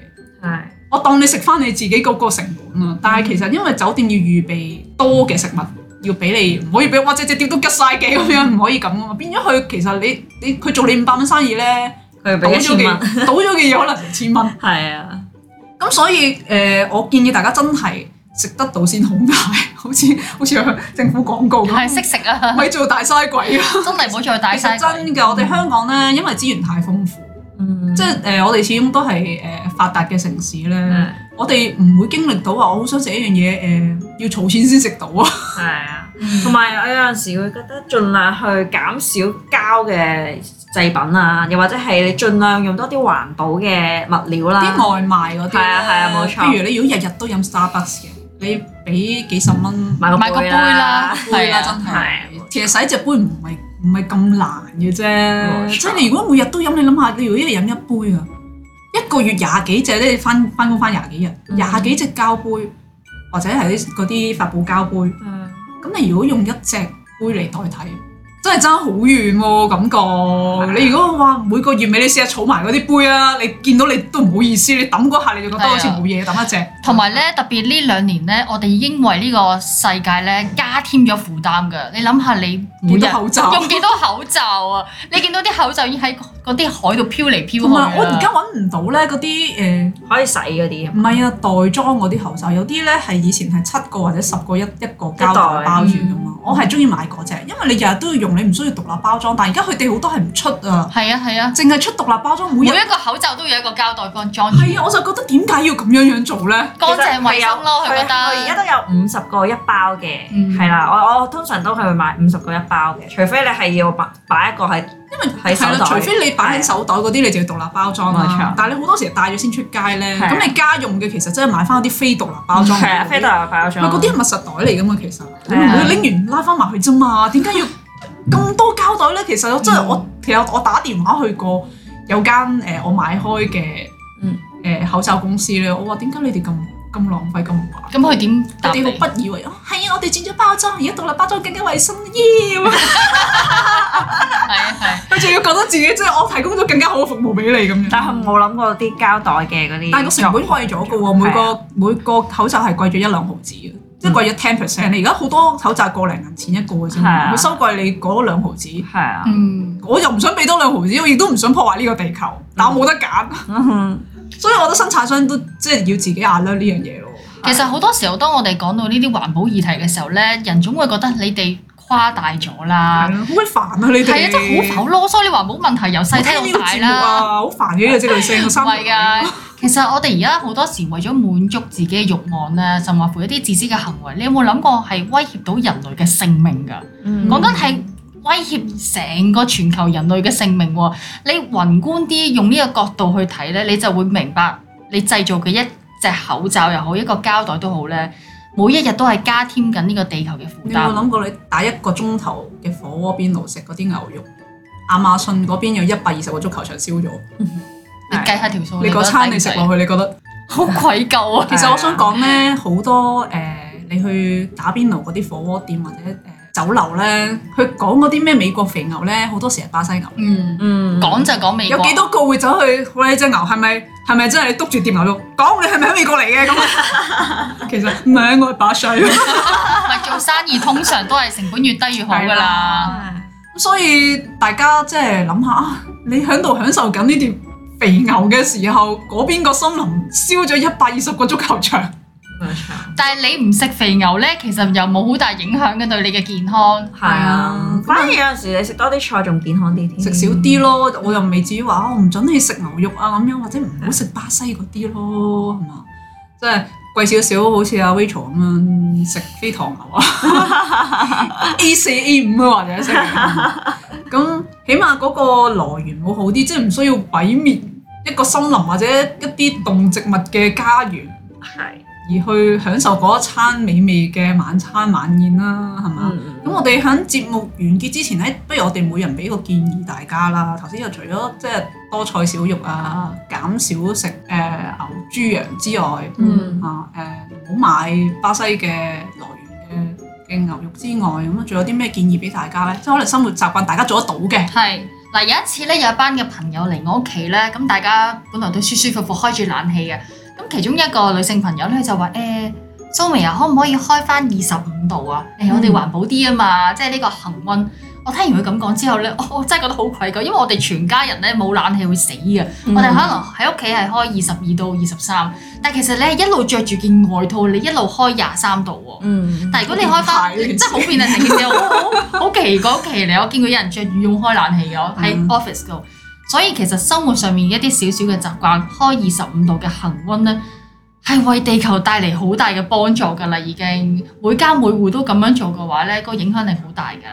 係是，我當你食翻你自己嗰個成本啊！但係其實因為酒店要預備多嘅食物，嗯、要俾你唔可以俾我只隻碟都吉晒嘅咁樣，唔可以咁啊！變咗佢其實你你佢做你五百蚊生意咧，佢俾一千蚊，倒咗嘅嘢可能成千蚊。係啊。咁所以誒、呃，我建議大家真係食得到先好大，好似好似政府廣告咁，係識食啊，咪做大嘥鬼啊！真係唔好做大嘥。其實真㗎，我哋香港咧，因為資源太豐富，嗯、即係誒、呃，我哋始終都係誒、呃、發達嘅城市咧，嗯、我哋唔會經歷到話我好想食一樣嘢誒，要儲錢先食到啊。嗯 <laughs> 同埋我有陣時會覺得盡量去減少膠嘅製品啊，又或者係你盡量用多啲環保嘅物料啦。啲外賣嗰啲係啊係啊冇錯。譬如你如果日日都飲 Starbucks 嘅，你俾幾十蚊買個杯啦、啊，買個杯啦真係。啊啊、其實洗隻杯唔係唔係咁難嘅啫，即係冇錯你如果每日都飲，你諗下，你如果一日飲一杯啊，一個月廿幾隻咧，翻翻工翻廿幾日，廿幾、嗯、隻膠杯或者係啲嗰啲發泡膠杯。咁你如果用一隻杯嚟代替，真係爭好遠喎，感覺、啊。的你如果話每個月尾你試下儲埋嗰啲杯啊，你見到你都唔好意思，你抌嗰下你就覺得好似冇嘢抌一隻。同埋咧，特別呢兩年咧，我哋已經為呢個世界咧加添咗負擔嘅。你諗下，你用幾多口罩？用幾多口罩啊？你見到啲口罩已經喺，嗰啲海度漂嚟漂去。我而家揾唔到咧嗰啲誒可以洗嗰啲。唔係啊，袋裝嗰啲口罩，有啲咧係以前係七個或者十個一一個膠袋包住咁咯。我係中意買嗰隻，嗯、因為你日日都要用，你唔需要獨立包裝。但係而家佢哋好多係唔出啊。係啊係啊，淨係出獨立包裝每，每一個口罩都有一個膠袋裝。係、嗯、啊，我就覺得點解要咁樣樣做咧？乾淨衞生咯，佢覺得。佢而家都有五十個一包嘅，係、嗯、啦。我我通常都係買五十個一包嘅，除非你係要擺擺一個喺。因為係啦，除非你擺喺手袋嗰啲，的你就要獨立包裝啦。錯但係你好多時候帶咗先出街咧，咁的你家用嘅其實真係買翻啲非獨立包裝。係啊，非獨立包裝。嗰啲係密實袋嚟噶嘛，其實的。你拎完拉翻埋去啫嘛，點解要咁多膠袋咧？ <laughs> 其實我真係、嗯、我其實我打電話去過有間誒、呃、我買開嘅嗯誒口罩公司咧，我話點解你哋咁？咁浪費咁話，咁佢點？佢不以為啊，係啊、哦！我哋轉咗包裝，而家獨立包裝更加衞生。係啊係，佢仲 <laughs> <laughs> <laughs> 要覺得自己即係我提供咗更加好嘅服務俾你咁樣。但係我冇諗過啲膠袋嘅嗰啲，但係個成本貴咗嘅喎，每個、嗯、的每個口罩係貴咗一兩毫紙即係貴咗 ten percent。你而家好多口罩個零銀錢一個嘅嘛？佢收的貴你嗰兩毫紙。係啊的，嗯，我又唔想俾多兩毫紙，我亦都唔想破壞呢個地球，但我冇得揀。嗯嗯。所以，我覺得生產商都即係要自己壓撚呢樣嘢咯。其實好多時候，當我哋講到呢啲環保議題嘅時候咧，人總會覺得你哋誇大咗啦。好鬼、嗯、煩啊！你哋係啊，即係好煩，好囉嗦。你話環保問題，由細睇到大啦。好、啊、煩嘅、啊，呢係成個生活。唔係，其實我哋而家好多時為咗滿足自己嘅慾望咧，甚至乎一啲自私嘅行為，你有冇諗過係威脅到人類嘅性命㗎？講緊係。威脅成個全球人類嘅性命喎、啊！你宏觀啲用呢個角度去睇呢，你就會明白你製造嘅一隻口罩又好，一個膠袋都好呢，每一日都係加添緊呢個地球嘅負擔。你有諗過你打一個鐘頭嘅火鍋邊爐食嗰啲牛肉？亞馬遜嗰邊有一百二十個足球場燒咗、嗯。你計下條數，是你嗰餐你食落去，你覺得 <laughs> 好愧疚啊！ <laughs> 其實我想講呢，唉好多誒、呃，你去打邊爐嗰啲火鍋店或者、呃酒樓咧，佢講嗰啲咩美國肥牛咧，好多時係巴西牛。嗯，講就講美國。有幾多個會走去餵隻牛？係咪，係咪真係你督住碟牛肉講，你係咪喺美國嚟嘅？咁 <laughs> 其實唔係啊，我係巴西啊。 <laughs> <laughs> <laughs> 做生意通常都係成本越低越好㗎啦。咁了唉所以大家即係諗下，你喺度享受緊呢碟肥牛嘅時候，嗰邊個森林燒咗一百二十個足球場。但係你唔食肥牛呢，其實又冇好大影響嘅對你嘅健康。係啊，嗯、反而有陣時你食多啲菜仲健康啲添。食少啲咯，我又未至於話我唔準你食牛肉啊，咁樣，或者唔好食巴西嗰啲咯，係嘛的？即係貴少少，好似阿 Rachel 咁樣食非糖牛啊 <laughs> ，A 四 A 五啊或者食，咁 <laughs> 起碼嗰個來源會好啲，即係唔需要毀滅一個森林或者一啲動植物嘅家園。係。而去享受嗰一餐美味嘅晚餐晚宴啦，係嘛？咁、嗯、我哋喺節目完結之前咧，不如我哋每人俾個建議大家啦。頭先又除咗即係多菜少肉啊，減少食誒、呃、牛豬羊之外，嗯、啊誒唔好買巴西嘅來源嘅嘅牛肉之外，咁啊仲有啲咩建議俾大家咧？即係我哋生活習慣大家做得到嘅。係嗱、呃，有一次咧有一班嘅朋友嚟我屋企咧，咁大家本來都舒舒服服開住冷氣嘅。其中一個女性朋友咧就話：誒、欸，蘇眉啊，可唔可以開翻二十五度啊？誒、嗯欸，我哋環保啲啊嘛，即係呢個恆溫。我聽完佢咁講之後咧，我真係覺得好愧疚，因為我哋全家人咧冇冷氣會死嘅。嗯、我哋可能喺屋企係開二十二到二十三，但係其實你係一路着住件外套，你一路開廿三度喎。嗯、但係如果你開翻，即係好變態，成件事，好 <laughs> 奇怪奇嚟。我見過有人着羽絨開冷氣咗喺 office 度。嗯嗯。所以其實生活上面一啲少少嘅習慣，開二十五度嘅恒温咧，係為地球帶嚟好大嘅幫助㗎啦。已經每家每戶都咁樣做嘅話咧，個影響力好大噶。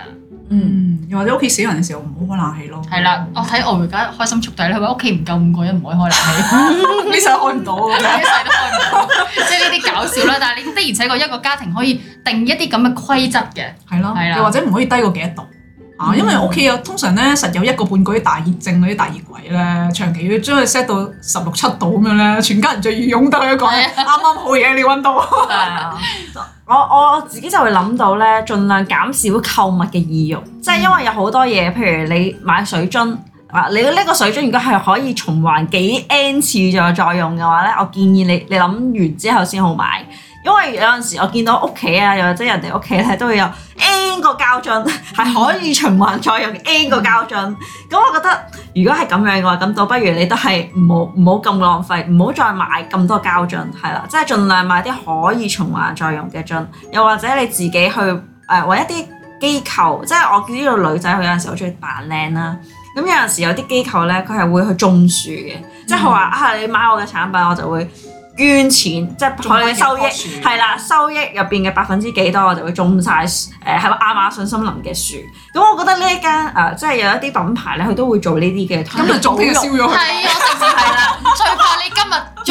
嗯，又或者屋企死人嘅時候唔好開冷氣咯。係啦，我睇我而家開心速遞咧，屋企唔夠五個人唔可以開冷氣，呢世 <laughs> 開唔到，呢世 <laughs> 都開唔到，即係呢啲搞笑啦。但係你的而且個一個家庭可以定一啲咁嘅規則嘅，係咯，又或者唔可以低過幾多度。啊，因為屋企有通常咧實有一個半個啲大熱症嗰啲大熱鬼咧，長期要將佢 set 到十六七度咁樣咧，全家人就要絨得佢。講咧， <laughs> 啱啱好嘢你温度。 <laughs> <laughs> 我我自己就會諗到咧，盡量減少購物嘅意欲，即係、嗯、因為有好多嘢，譬如你買水樽，啊，你呢個水樽如果係可以循環幾 N 次再再用嘅話咧，我建議你你諗完之後先好買。因為有陣時我見到屋企啊，又或者人哋屋企咧，都會有 N 個膠樽，係可以循環再用 N 個膠樽。咁我覺得，如果係咁樣嘅話，咁倒不如你都係唔好唔好咁浪費，唔好再買咁多膠樽，係啦，即係盡量買啲可以循環再用嘅樽。又或者你自己去誒揾、呃、一啲機構，即係我見到女仔佢有陣時好中意扮靚啦。咁有陣時有啲機構咧，佢係會去種樹嘅，即係佢話、嗯、啊，你買我嘅產品，我就會。捐錢即係可能收益係啦，收益入邊嘅百分之幾多我就會種晒誒喺亞馬遜森林嘅樹。咁我覺得呢一間誒即係有一啲品牌咧，佢都會做呢啲嘅。今日種，聽日燒咗佢。係，我真係啦，最怕你今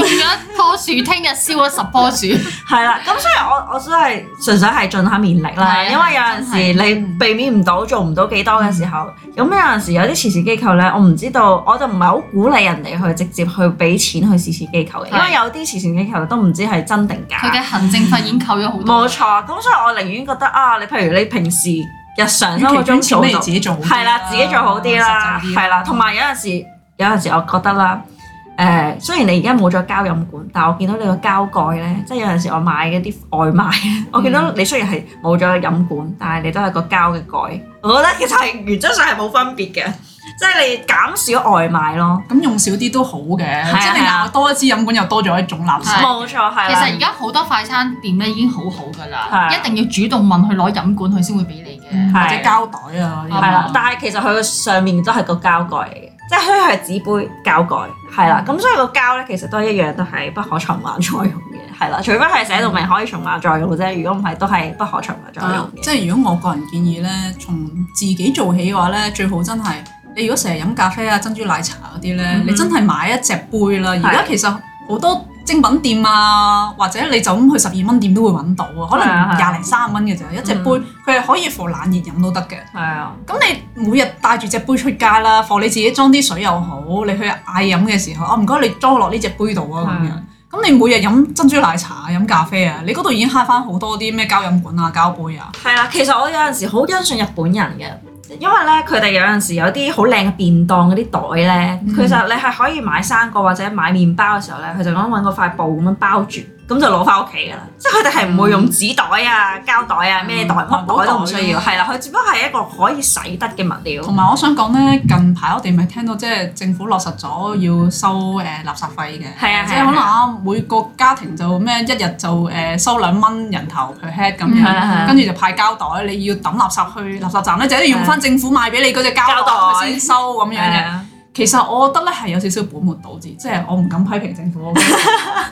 日種咗一棵樹，聽日燒咗十棵樹。係啦，咁所以我我真係純粹係盡下綿力啦，因為有陣時你避免唔到做唔到幾多嘅時候，咁有陣時有啲慈善機構咧，我唔知道，我就唔係好鼓勵人哋去直接去俾錢去慈善機構嘅，因為有啲以前嘅球都唔知係真定假。佢嘅行政法研扣咗好多 <laughs> 錯。冇錯，咁所以我寧願覺得啊，你譬如你平時日常生活中自己做好啲，係啦，自己做好啲啦，係啦。同埋有陣時，有陣時我覺得啦，誒、呃，雖然你而家冇咗膠飲管，但我見到你個膠蓋咧，即係有陣時我買嗰啲外賣，嗯、我見到你雖然係冇咗個飲管，但係你都係個膠嘅蓋，我覺得其實係原則上係冇分別嘅。即係你減少外賣咯，咁用少啲都好嘅，即係又多一支飲管又多咗一種垃圾。冇錯，係。其實而家好多快餐店咧已經好好噶啦，一定要主動問佢攞飲管，佢先會俾你嘅，或者膠袋啊嗰啲。係啦，但係其實佢上面都係個膠蓋嚟嘅，即係佢係紙杯膠蓋，係啦。咁所以個膠咧其實都係一樣，都係不可循環再用嘅，係啦。除非係寫到明可以循環再用啫，如果唔係都係不可循環再用嘅。即係如果我個人建議咧，從自己做起嘅話咧，最好真係。你如果成日飲咖啡啊、珍珠奶茶嗰啲咧，你真係買一隻杯啦。而家其實好多精品店啊，或者你就咁去十二蚊店都會揾到啊。可能廿零三十蚊嘅啫，一隻杯佢係可以放冷熱飲都得嘅。係啊，咁你每日帶住隻杯出街啦，放你自己裝啲水又好，你去嗌飲嘅時候，哦唔該你裝落呢隻杯度啊咁樣。咁你每日飲珍珠奶茶、飲咖啡啊，你嗰度已經慳翻好多啲咩膠飲管啊、膠杯啊。係啊，其實我有陣時好欣賞日本人嘅。因為呢，佢哋有陣時有啲好靚嘅便當嗰啲袋呢，其實你係可以買生果或者買麪包嘅時候呢，佢就咁樣揾個塊布咁樣包住。咁就攞翻屋企噶啦，即係佢哋係唔會用紙袋啊、嗯、膠袋啊、咩袋、乜袋都唔需要，係啦，佢只不過係一個可以使得嘅物料。同埋我想講咧，近排我哋咪聽到即係政府落實咗要收誒、呃、垃圾費嘅，啊啊、即係可能每個家庭就咩一日就誒收兩蚊人頭去 head 咁樣，跟住、啊啊、就派膠袋，你要抌垃圾去垃圾站咧，啊、就要用翻政府賣俾你嗰隻膠袋先收咁樣。膠袋其實我覺得咧係有少少本末倒置，即係我唔敢批評政府，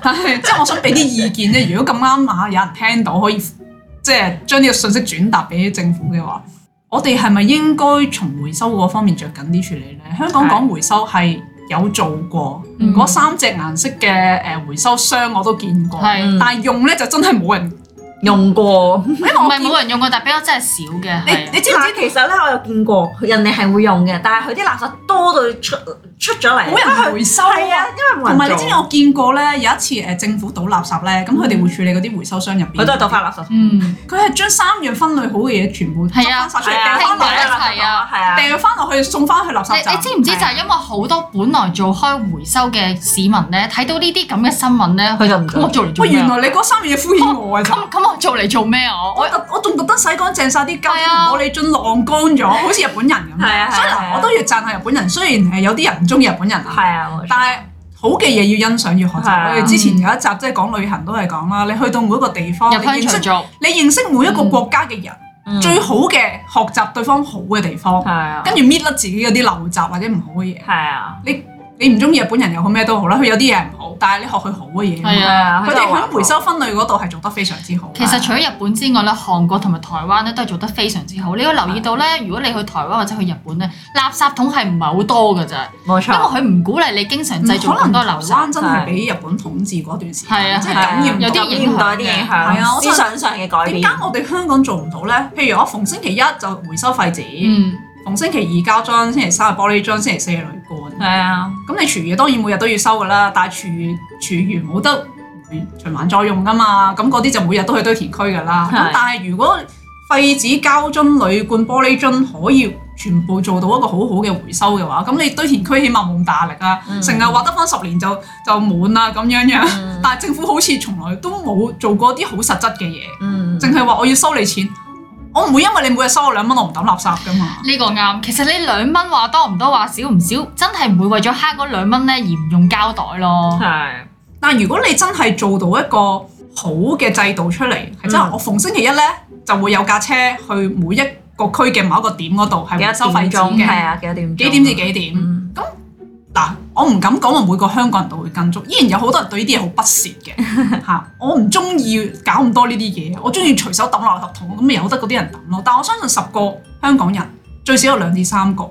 但係即係我想俾啲意見咧。如果咁啱啊有人聽到，可以即係將呢個信息轉達俾政府嘅話，我哋係咪應該從回收嗰方面着緊啲處理咧？香港講回收係有做過，嗰是三隻顏色嘅誒回收箱我都見過，是但係用咧就真係冇人。用過，唔係冇人用過，但係比較真係少嘅。你你知唔知其實咧，我有見過人哋係會用嘅，但係佢啲垃圾多到出出咗嚟，冇人回收。係啊，因為冇人做。同埋你知唔知我見過咧？有一次誒政府倒垃圾咧，咁佢哋會處理嗰啲回收箱入邊。佢都係倒翻垃圾。佢係將三樣分類好嘅嘢全部係啊，係啊，掉翻落去，係啊，係啊，掉翻落去送翻去垃圾站。你知唔知就係因為好多本來做開回收嘅市民咧，睇到呢啲咁嘅新聞咧，佢就唔我做嚟做咩？喂，原來你嗰三樣嘢敷衍我咁做嚟做咩啊？我我仲特登洗乾淨晒啲膠同玻璃樽，晾乾咗，好似日本人咁。所以嗱，我都要讚下日本人。雖然誒有啲人唔中意日本人，但係好嘅嘢要欣賞要學習。我哋之前有一集即係講旅行都係講啦，你去到每一個地方你認識，你認識每一個國家嘅人，最好嘅學習對方好嘅地方，跟住搣甩自己嗰啲陋習或者唔好嘅嘢。係啊，你。你唔中意日本人又好咩都好啦，佢有啲嘢唔好，但係你學佢好嘅嘢。係啊，佢哋喺回收分類嗰度係做得非常之好。其實除咗日本之外咧，韓國同埋台灣咧都係做得非常之好。你要留意到咧，如果你去台灣或者去日本咧，垃圾桶係唔係好多㗎啫？冇錯，因為佢唔鼓勵你經常製造。可能台灣真係俾日本統治嗰段時間，即係感染唔到，影響思想上嘅改變。點解我哋香港做唔到咧？譬如我逢星期一就回收廢紙。逢星期二膠樽、星期三玻璃樽、星期四鋁罐。係啊，咁 <noise> 你廚餘當然每日都要收噶啦，但係廚廚餘冇得、嗯、循環再用噶嘛，咁嗰啲就每日都去堆填區噶啦。咁是但係如果廢紙、膠樽、鋁罐、玻璃樽可以全部做到一個好好嘅回收嘅話，咁你堆填區起碼冇咁大力啊，成日話得翻十年就就滿啦咁樣樣。但係政府好似從來都冇做過啲好實質嘅嘢，淨係話我要收你錢。我唔會因為你每日收我兩蚊，我唔抌垃圾噶嘛。呢個啱，其實你兩蚊話多唔多話少唔少，真係唔會為咗慳嗰兩蚊咧而唔用膠袋咯。係，但係如果你真係做到一個好嘅制度出嚟，係、嗯、真係我逢星期一咧就會有架車去每一個區嘅某一個點嗰度，係幾多收費點嘅？係啊，幾多點？幾點至幾點？咁。我唔敢講話每個香港人都會跟足，依然有好多人對呢啲嘢好不屑嘅嚇。 <laughs> 我唔中意搞咁多呢啲嘢，我中意隨手抌落垃圾桶咁，咪由得嗰啲人抌咯。但我相信十個香港人最少有兩至三個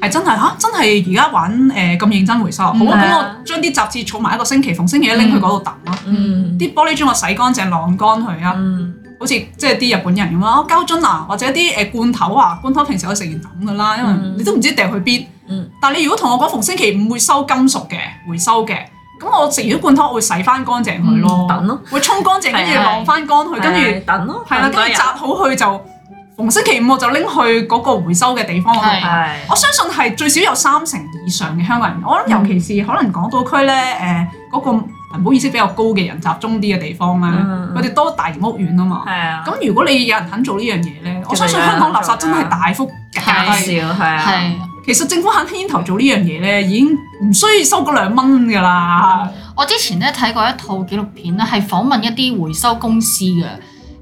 係真係嚇、啊，真係而家玩誒咁、呃、認真回收。好啊，咁我將啲雜誌儲埋一個星期，逢星期一拎去嗰度抌啦。啲、嗯嗯、玻璃樽我洗乾淨晾乾佢啊，嗯、好似即係啲日本人咁啦、哦，膠樽啊或者啲誒罐頭啊，罐頭平時我食完抌㗎啦，因為你都唔知掟去邊。但你如果同我講逢星期五會收金屬嘅回收嘅，咁我食完啲罐頭我會洗翻乾淨佢咯，等咯，會沖乾淨，跟住晾翻乾去，跟住等咯，係啦，跟住集好去，就逢星期五我就拎去嗰個回收嘅地方咯。我相信係最少有三成以上嘅香港人，我諗尤其是可能港島區咧，誒嗰個環保意識比較高嘅人集中啲嘅地方咧，佢哋多大型屋苑啊嘛。咁如果你有人肯做呢樣嘢咧，我相信香港垃圾真係大幅減少係啊。其實政府肯牽頭做呢樣嘢咧，已經唔需要收嗰兩蚊噶啦。我之前咧睇過一套紀錄片咧，係訪問一啲回收公司嘅。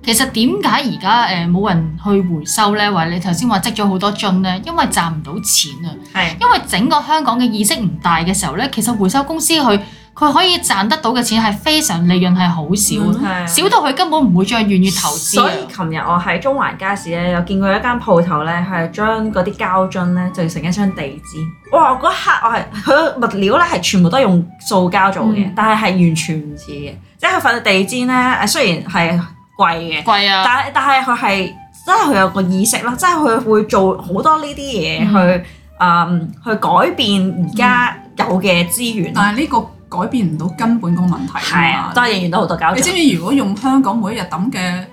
其實點解而家誒冇人去回收咧？或者你頭先話積咗好多樽咧，因為賺唔到錢啊。係嘅。因為整個香港嘅意識唔大嘅時候咧，其實回收公司去。佢可以賺得到嘅錢係非常利潤係好少，嗯、少到佢根本唔會再願意投資。所以琴日我喺中環街市咧，有見過一間鋪頭咧，係將嗰啲膠樽咧就成一張地氈。哇！嗰刻我係佢物料咧係全部都係用塑膠做嘅，嗯、但係係完全唔似嘅。即係佢發到地氈咧，雖然係貴嘅，貴啊！但係但係佢係真係佢有個意識囉，即係佢會做好多呢啲嘢去誒、嗯嗯、去改變而家有嘅資源。但係呢、呢個。改變唔到根本個問題，係啊，當然都好多膠。你知唔知如果用香港每一日抌嘅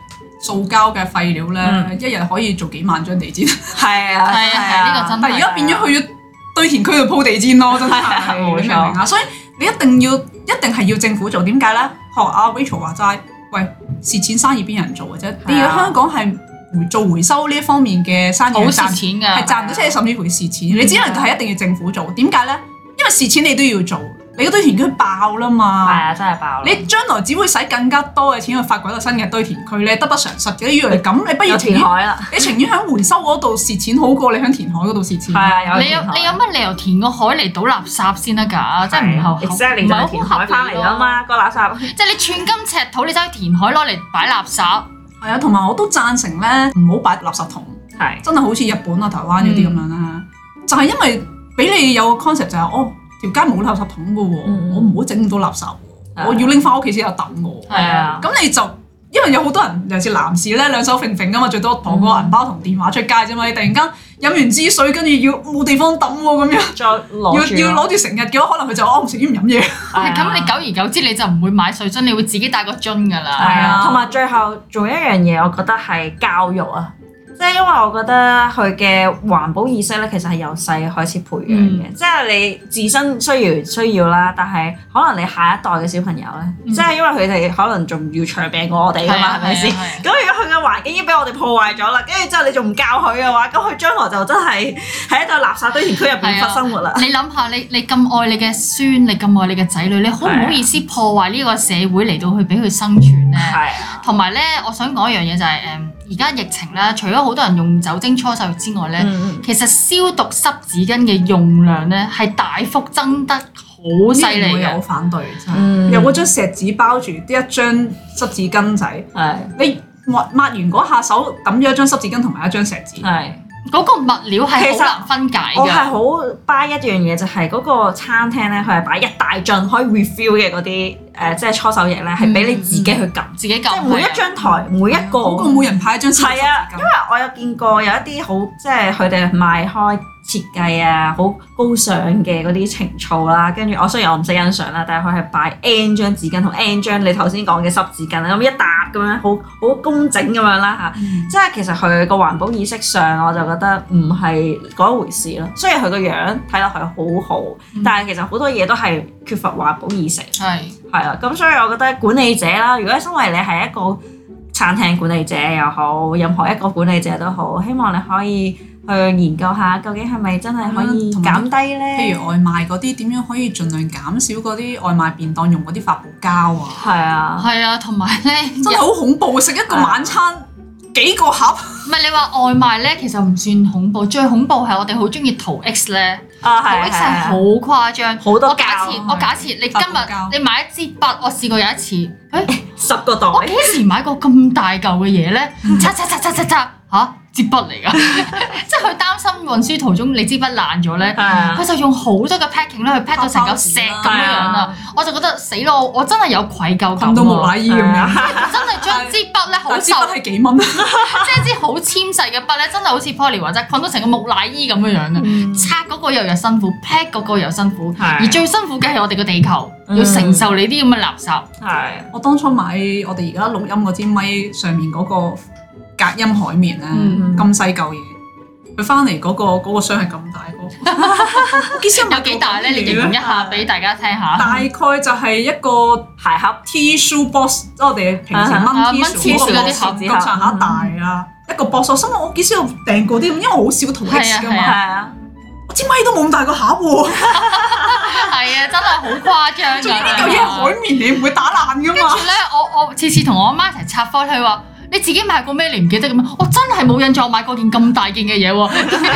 塑膠嘅廢料咧，一日可以做幾萬張地氈？係啊，係啊，呢個真係。但係而家變咗去堆填區度鋪地氈咯，真係冇錯啊！所以你一定要一定係要政府做，點解咧？學阿 Rachel 話齋，喂，蝕錢生意邊人做嘅啫？而家香港係做回收呢一方面嘅生意，蝕錢㗎，係賺唔到錢甚至乎蝕錢，你只能夠係一定要政府做。點解咧？因為蝕錢你都要做。你個堆填區爆啦嘛，係啊，真係爆！你將來只會使更加多嘅錢去發掘一個新嘅堆填區咧，你得不償失嘅。你以為咁，你不如填海啦！你情願喺回收嗰度蝕錢好過你喺填海嗰度蝕錢。係啊，有填海，你有你有乜理由填個海嚟倒垃圾先得㗎？即係唔後唔係好填海返嚟啊嘛？個垃圾即係你寸金尺土，你走去填海攞嚟擺垃圾。係啊，同埋我都贊成咧，唔好擺垃圾桶。係真係好似日本啊、台灣嗰啲咁樣啦，就係因為俾你有個 concept 就係哦。條街冇垃圾桶嘅喎，嗯、我唔好整咁多垃圾、啊、我要拎翻屋企先有抌。我係啊，咁你就因為有好多人，尤其是男士咧，兩手揈揈噶嘛，最多攞個銀包同電話出街啫嘛，你突然間飲完支水，跟住要冇地方抌喎咁樣，再拿 <laughs> 要要攞住成日嘅話，可能佢就安唔食唔飲嘢。係，咁、啊、 <laughs> 你久而久之你就唔會買水樽，你會自己帶個樽噶啦。係啊，同埋、啊、最後做一樣嘢，我覺得係教育啊。即係因為我覺得佢嘅環保意識咧，其實係由細開始培養嘅。即係你自身需要需要啦，但係可能你下一代嘅小朋友咧，即係因為佢哋可能仲要長命過我哋啊嘛，係咪先？咁如果佢嘅環境已經俾我哋破壞咗啦，跟住之後你仲唔教佢嘅話，咁佢將來就真係喺一堆垃圾堆填區入面發生活啦。你諗下，你你咁愛你嘅孫，你咁愛你嘅仔女，你好唔好意思破壞呢個社會嚟到去俾佢生存咧？係，同埋咧，我想講一樣嘢就係誒。而家疫情咧，除咗好多人用酒精搓手之外咧，嗯、其實消毒濕紙巾嘅用量咧係大幅增得好犀利。有反對，嗯、有嗰張錫紙包住呢一張濕紙巾仔。係的你抹抹完嗰下手抌咗一張濕紙巾同埋一張錫紙。係嗰、那個物料係好實難分解㗎。我係好 buy 一樣嘢，就係、是、嗰個餐廳咧，佢係擺一大樽可以 refill 嘅嗰啲。誒、呃、即係搓手液咧，係俾你自己去撳，自己撳。嗯、即係每一張台，嗯、每一個，每個每人派一張紙巾。係啊，因為我有見過有一啲好即係佢哋賣開設計啊，好高尚嘅嗰啲情操啦。跟住我雖然我唔識欣賞啦，但係佢係擺 n 張紙巾同 n 張你頭先講嘅濕紙巾咁一沓咁樣，好好工整咁樣啦嚇。 <noise> 即係其實佢個環保意識上，我就覺得唔係嗰一回事咯。雖然佢個樣睇落去好好，但係其實好多嘢都係缺乏環保意識。係。 <noise> <noise> 係啊，咁所以我覺得管理者啦，如果身為你係一個餐廳管理者又好，任何一個管理者都好，希望你可以去研究下，究竟係咪真係可以減低咧？譬如外賣嗰啲點樣可以盡量減少嗰啲外賣便當用嗰啲發泡膠啊？係啊的，係啊，同埋咧，真係好恐怖，食 <laughs> 的一個晚餐。幾個盒？唔 <laughs> 係你話外賣咧，其實唔算恐怖。最恐怖係我哋好中意淘 X 咧，啊，淘 X 好誇張，好多膠我假設，的我假設你今日你買一支筆。我試過有一次，誒，欸，十個袋。我幾時買過咁大嚿嘅嘢咧？扎扎扎扎扎扎吓！啊支筆嚟噶，即係佢擔心運輸途中你支筆爛咗咧，佢就用好多嘅 packing 咧去 pack 咗成嚿石咁樣樣啊！我就覺得死咯，我真係有愧疚感啊，到木乃伊咁樣，真係將支筆咧好似支筆幾蚊？即係支好纖細嘅筆咧，真係好似 Polywood 到成個木乃伊咁樣樣嘅，拆嗰個又又辛苦，pack 嗰個又辛苦，而最辛苦嘅係我哋個地球要承受你啲咁嘅垃圾。係，我當初買我哋而家錄音嗰支咪上面嗰個。隔音海綿啊，咁細嚿嘢，佢翻嚟嗰個個箱係咁大，幾 <laughs> 少 <laughs> 有幾大咧？你形容一下俾大家聽下。 <laughs> 大概就係一個鞋盒 tissue box，我哋平時掹 tissue 嗰個尺寸下大啊，一個 box，我心諗我幾少有訂過啲，因為好少同 tissue、 <laughs> 啊啊、 <laughs> <laughs> 嘛。我支咪都冇咁大個下。係啊，真係好誇張噶。仲要呢嚿嘢海綿你唔會打爛噶嘛？跟住咧，我我，我次次同我阿媽一齊拆開佢話。你自己買過咩？你唔記得咁樣？我真係冇印象買過件咁大件嘅嘢喎，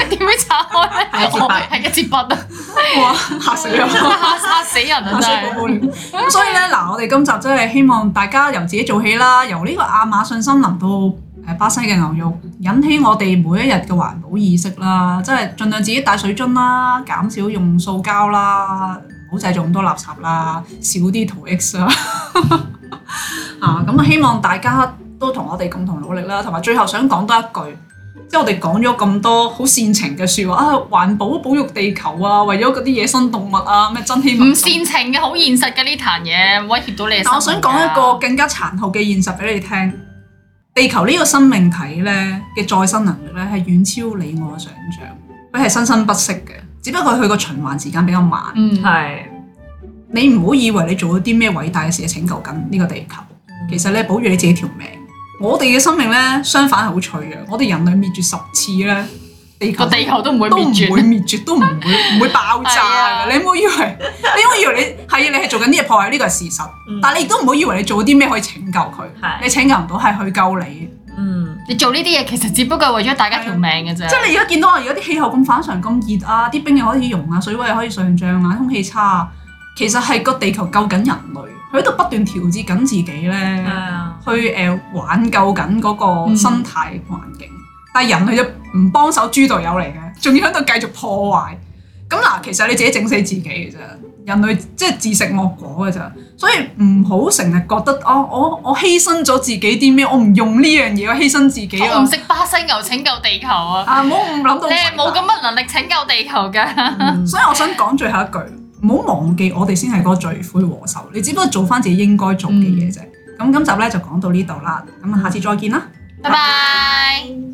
點解拆開咧？係一支筆啊！嚇死人！嚇死人啊！真係咁，所以咧嗱，我哋今集真係希望大家由自己做起啦，由呢個亞馬遜森林到誒巴西嘅牛肉，引起我哋每一日嘅環保意識啦，即係盡量自己帶水樽啦，減少用塑膠啦，唔好製造咁多垃圾啦，少啲 t x 啦啊！咁、嗯嗯啊、希望大家。都同我哋共同努力啦，同埋最後想講多一句，即係我哋講咗咁多好煽情嘅說話啊，環保保育地球啊，為咗嗰啲野生動物啊，咩增添唔煽情嘅、好現實嘅呢壇嘢威脅到你啊。但我想講一個更加殘酷嘅現實俾你聽，地球呢個生命體咧嘅再生能力咧，係遠超你我嘅想象，佢係生生不息嘅，只不過佢個循環時間比較慢。嗯，係你唔好以為你做咗啲咩偉大嘅事拯救緊呢個地球，其實你保住你自己條命。我哋嘅生命咧，相反係好脆弱。我哋人類滅絕十次咧，地球都唔會滅絕， <laughs> 都唔會滅絕， <laughs> 都唔會唔會爆炸嘅 <laughs> 你唔好以為， <laughs> 你唔好以，以為你係啊，你係做緊啲嘢破壞呢個事實。嗯、但係你亦都唔好以為你做啲咩可以拯救佢。的你拯救唔到，係去救你。嗯，你做呢啲嘢其實只不過係為咗大家條命嘅啫。即係、就是、你而家見到啊，而家啲氣候咁反常、咁熱啊，啲冰又可以融啊，水位又可以上漲啊，空氣差，啊，其實係個地， <laughs> 地球救緊人類。佢喺度不斷調節緊自己咧，Yeah. 去誒、呃、挽救緊嗰個生態環境。Mm. 但係人類就唔幫手，豬隊友嚟嘅，仲要喺度繼續破壞。咁嗱，其實你自己整死自己嘅啫，人類即係自食惡果嘅啫。所以唔好成日覺得，哦、我我我犧牲咗自己啲咩，我唔用呢樣嘢，犧牲自己。我唔食巴西牛拯救地球啊！啊，唔好咁諗到。你係冇咁嘅能力拯救地球㗎、 <laughs> 嗯。所以我想講最後一句。唔好忘記，我哋先係個罪魁禍首。你只不過做返自己應該做嘅嘢啫。咁、嗯、今集咧就講到呢度啦。咁下次再見啦，拜拜 bye。Bye bye。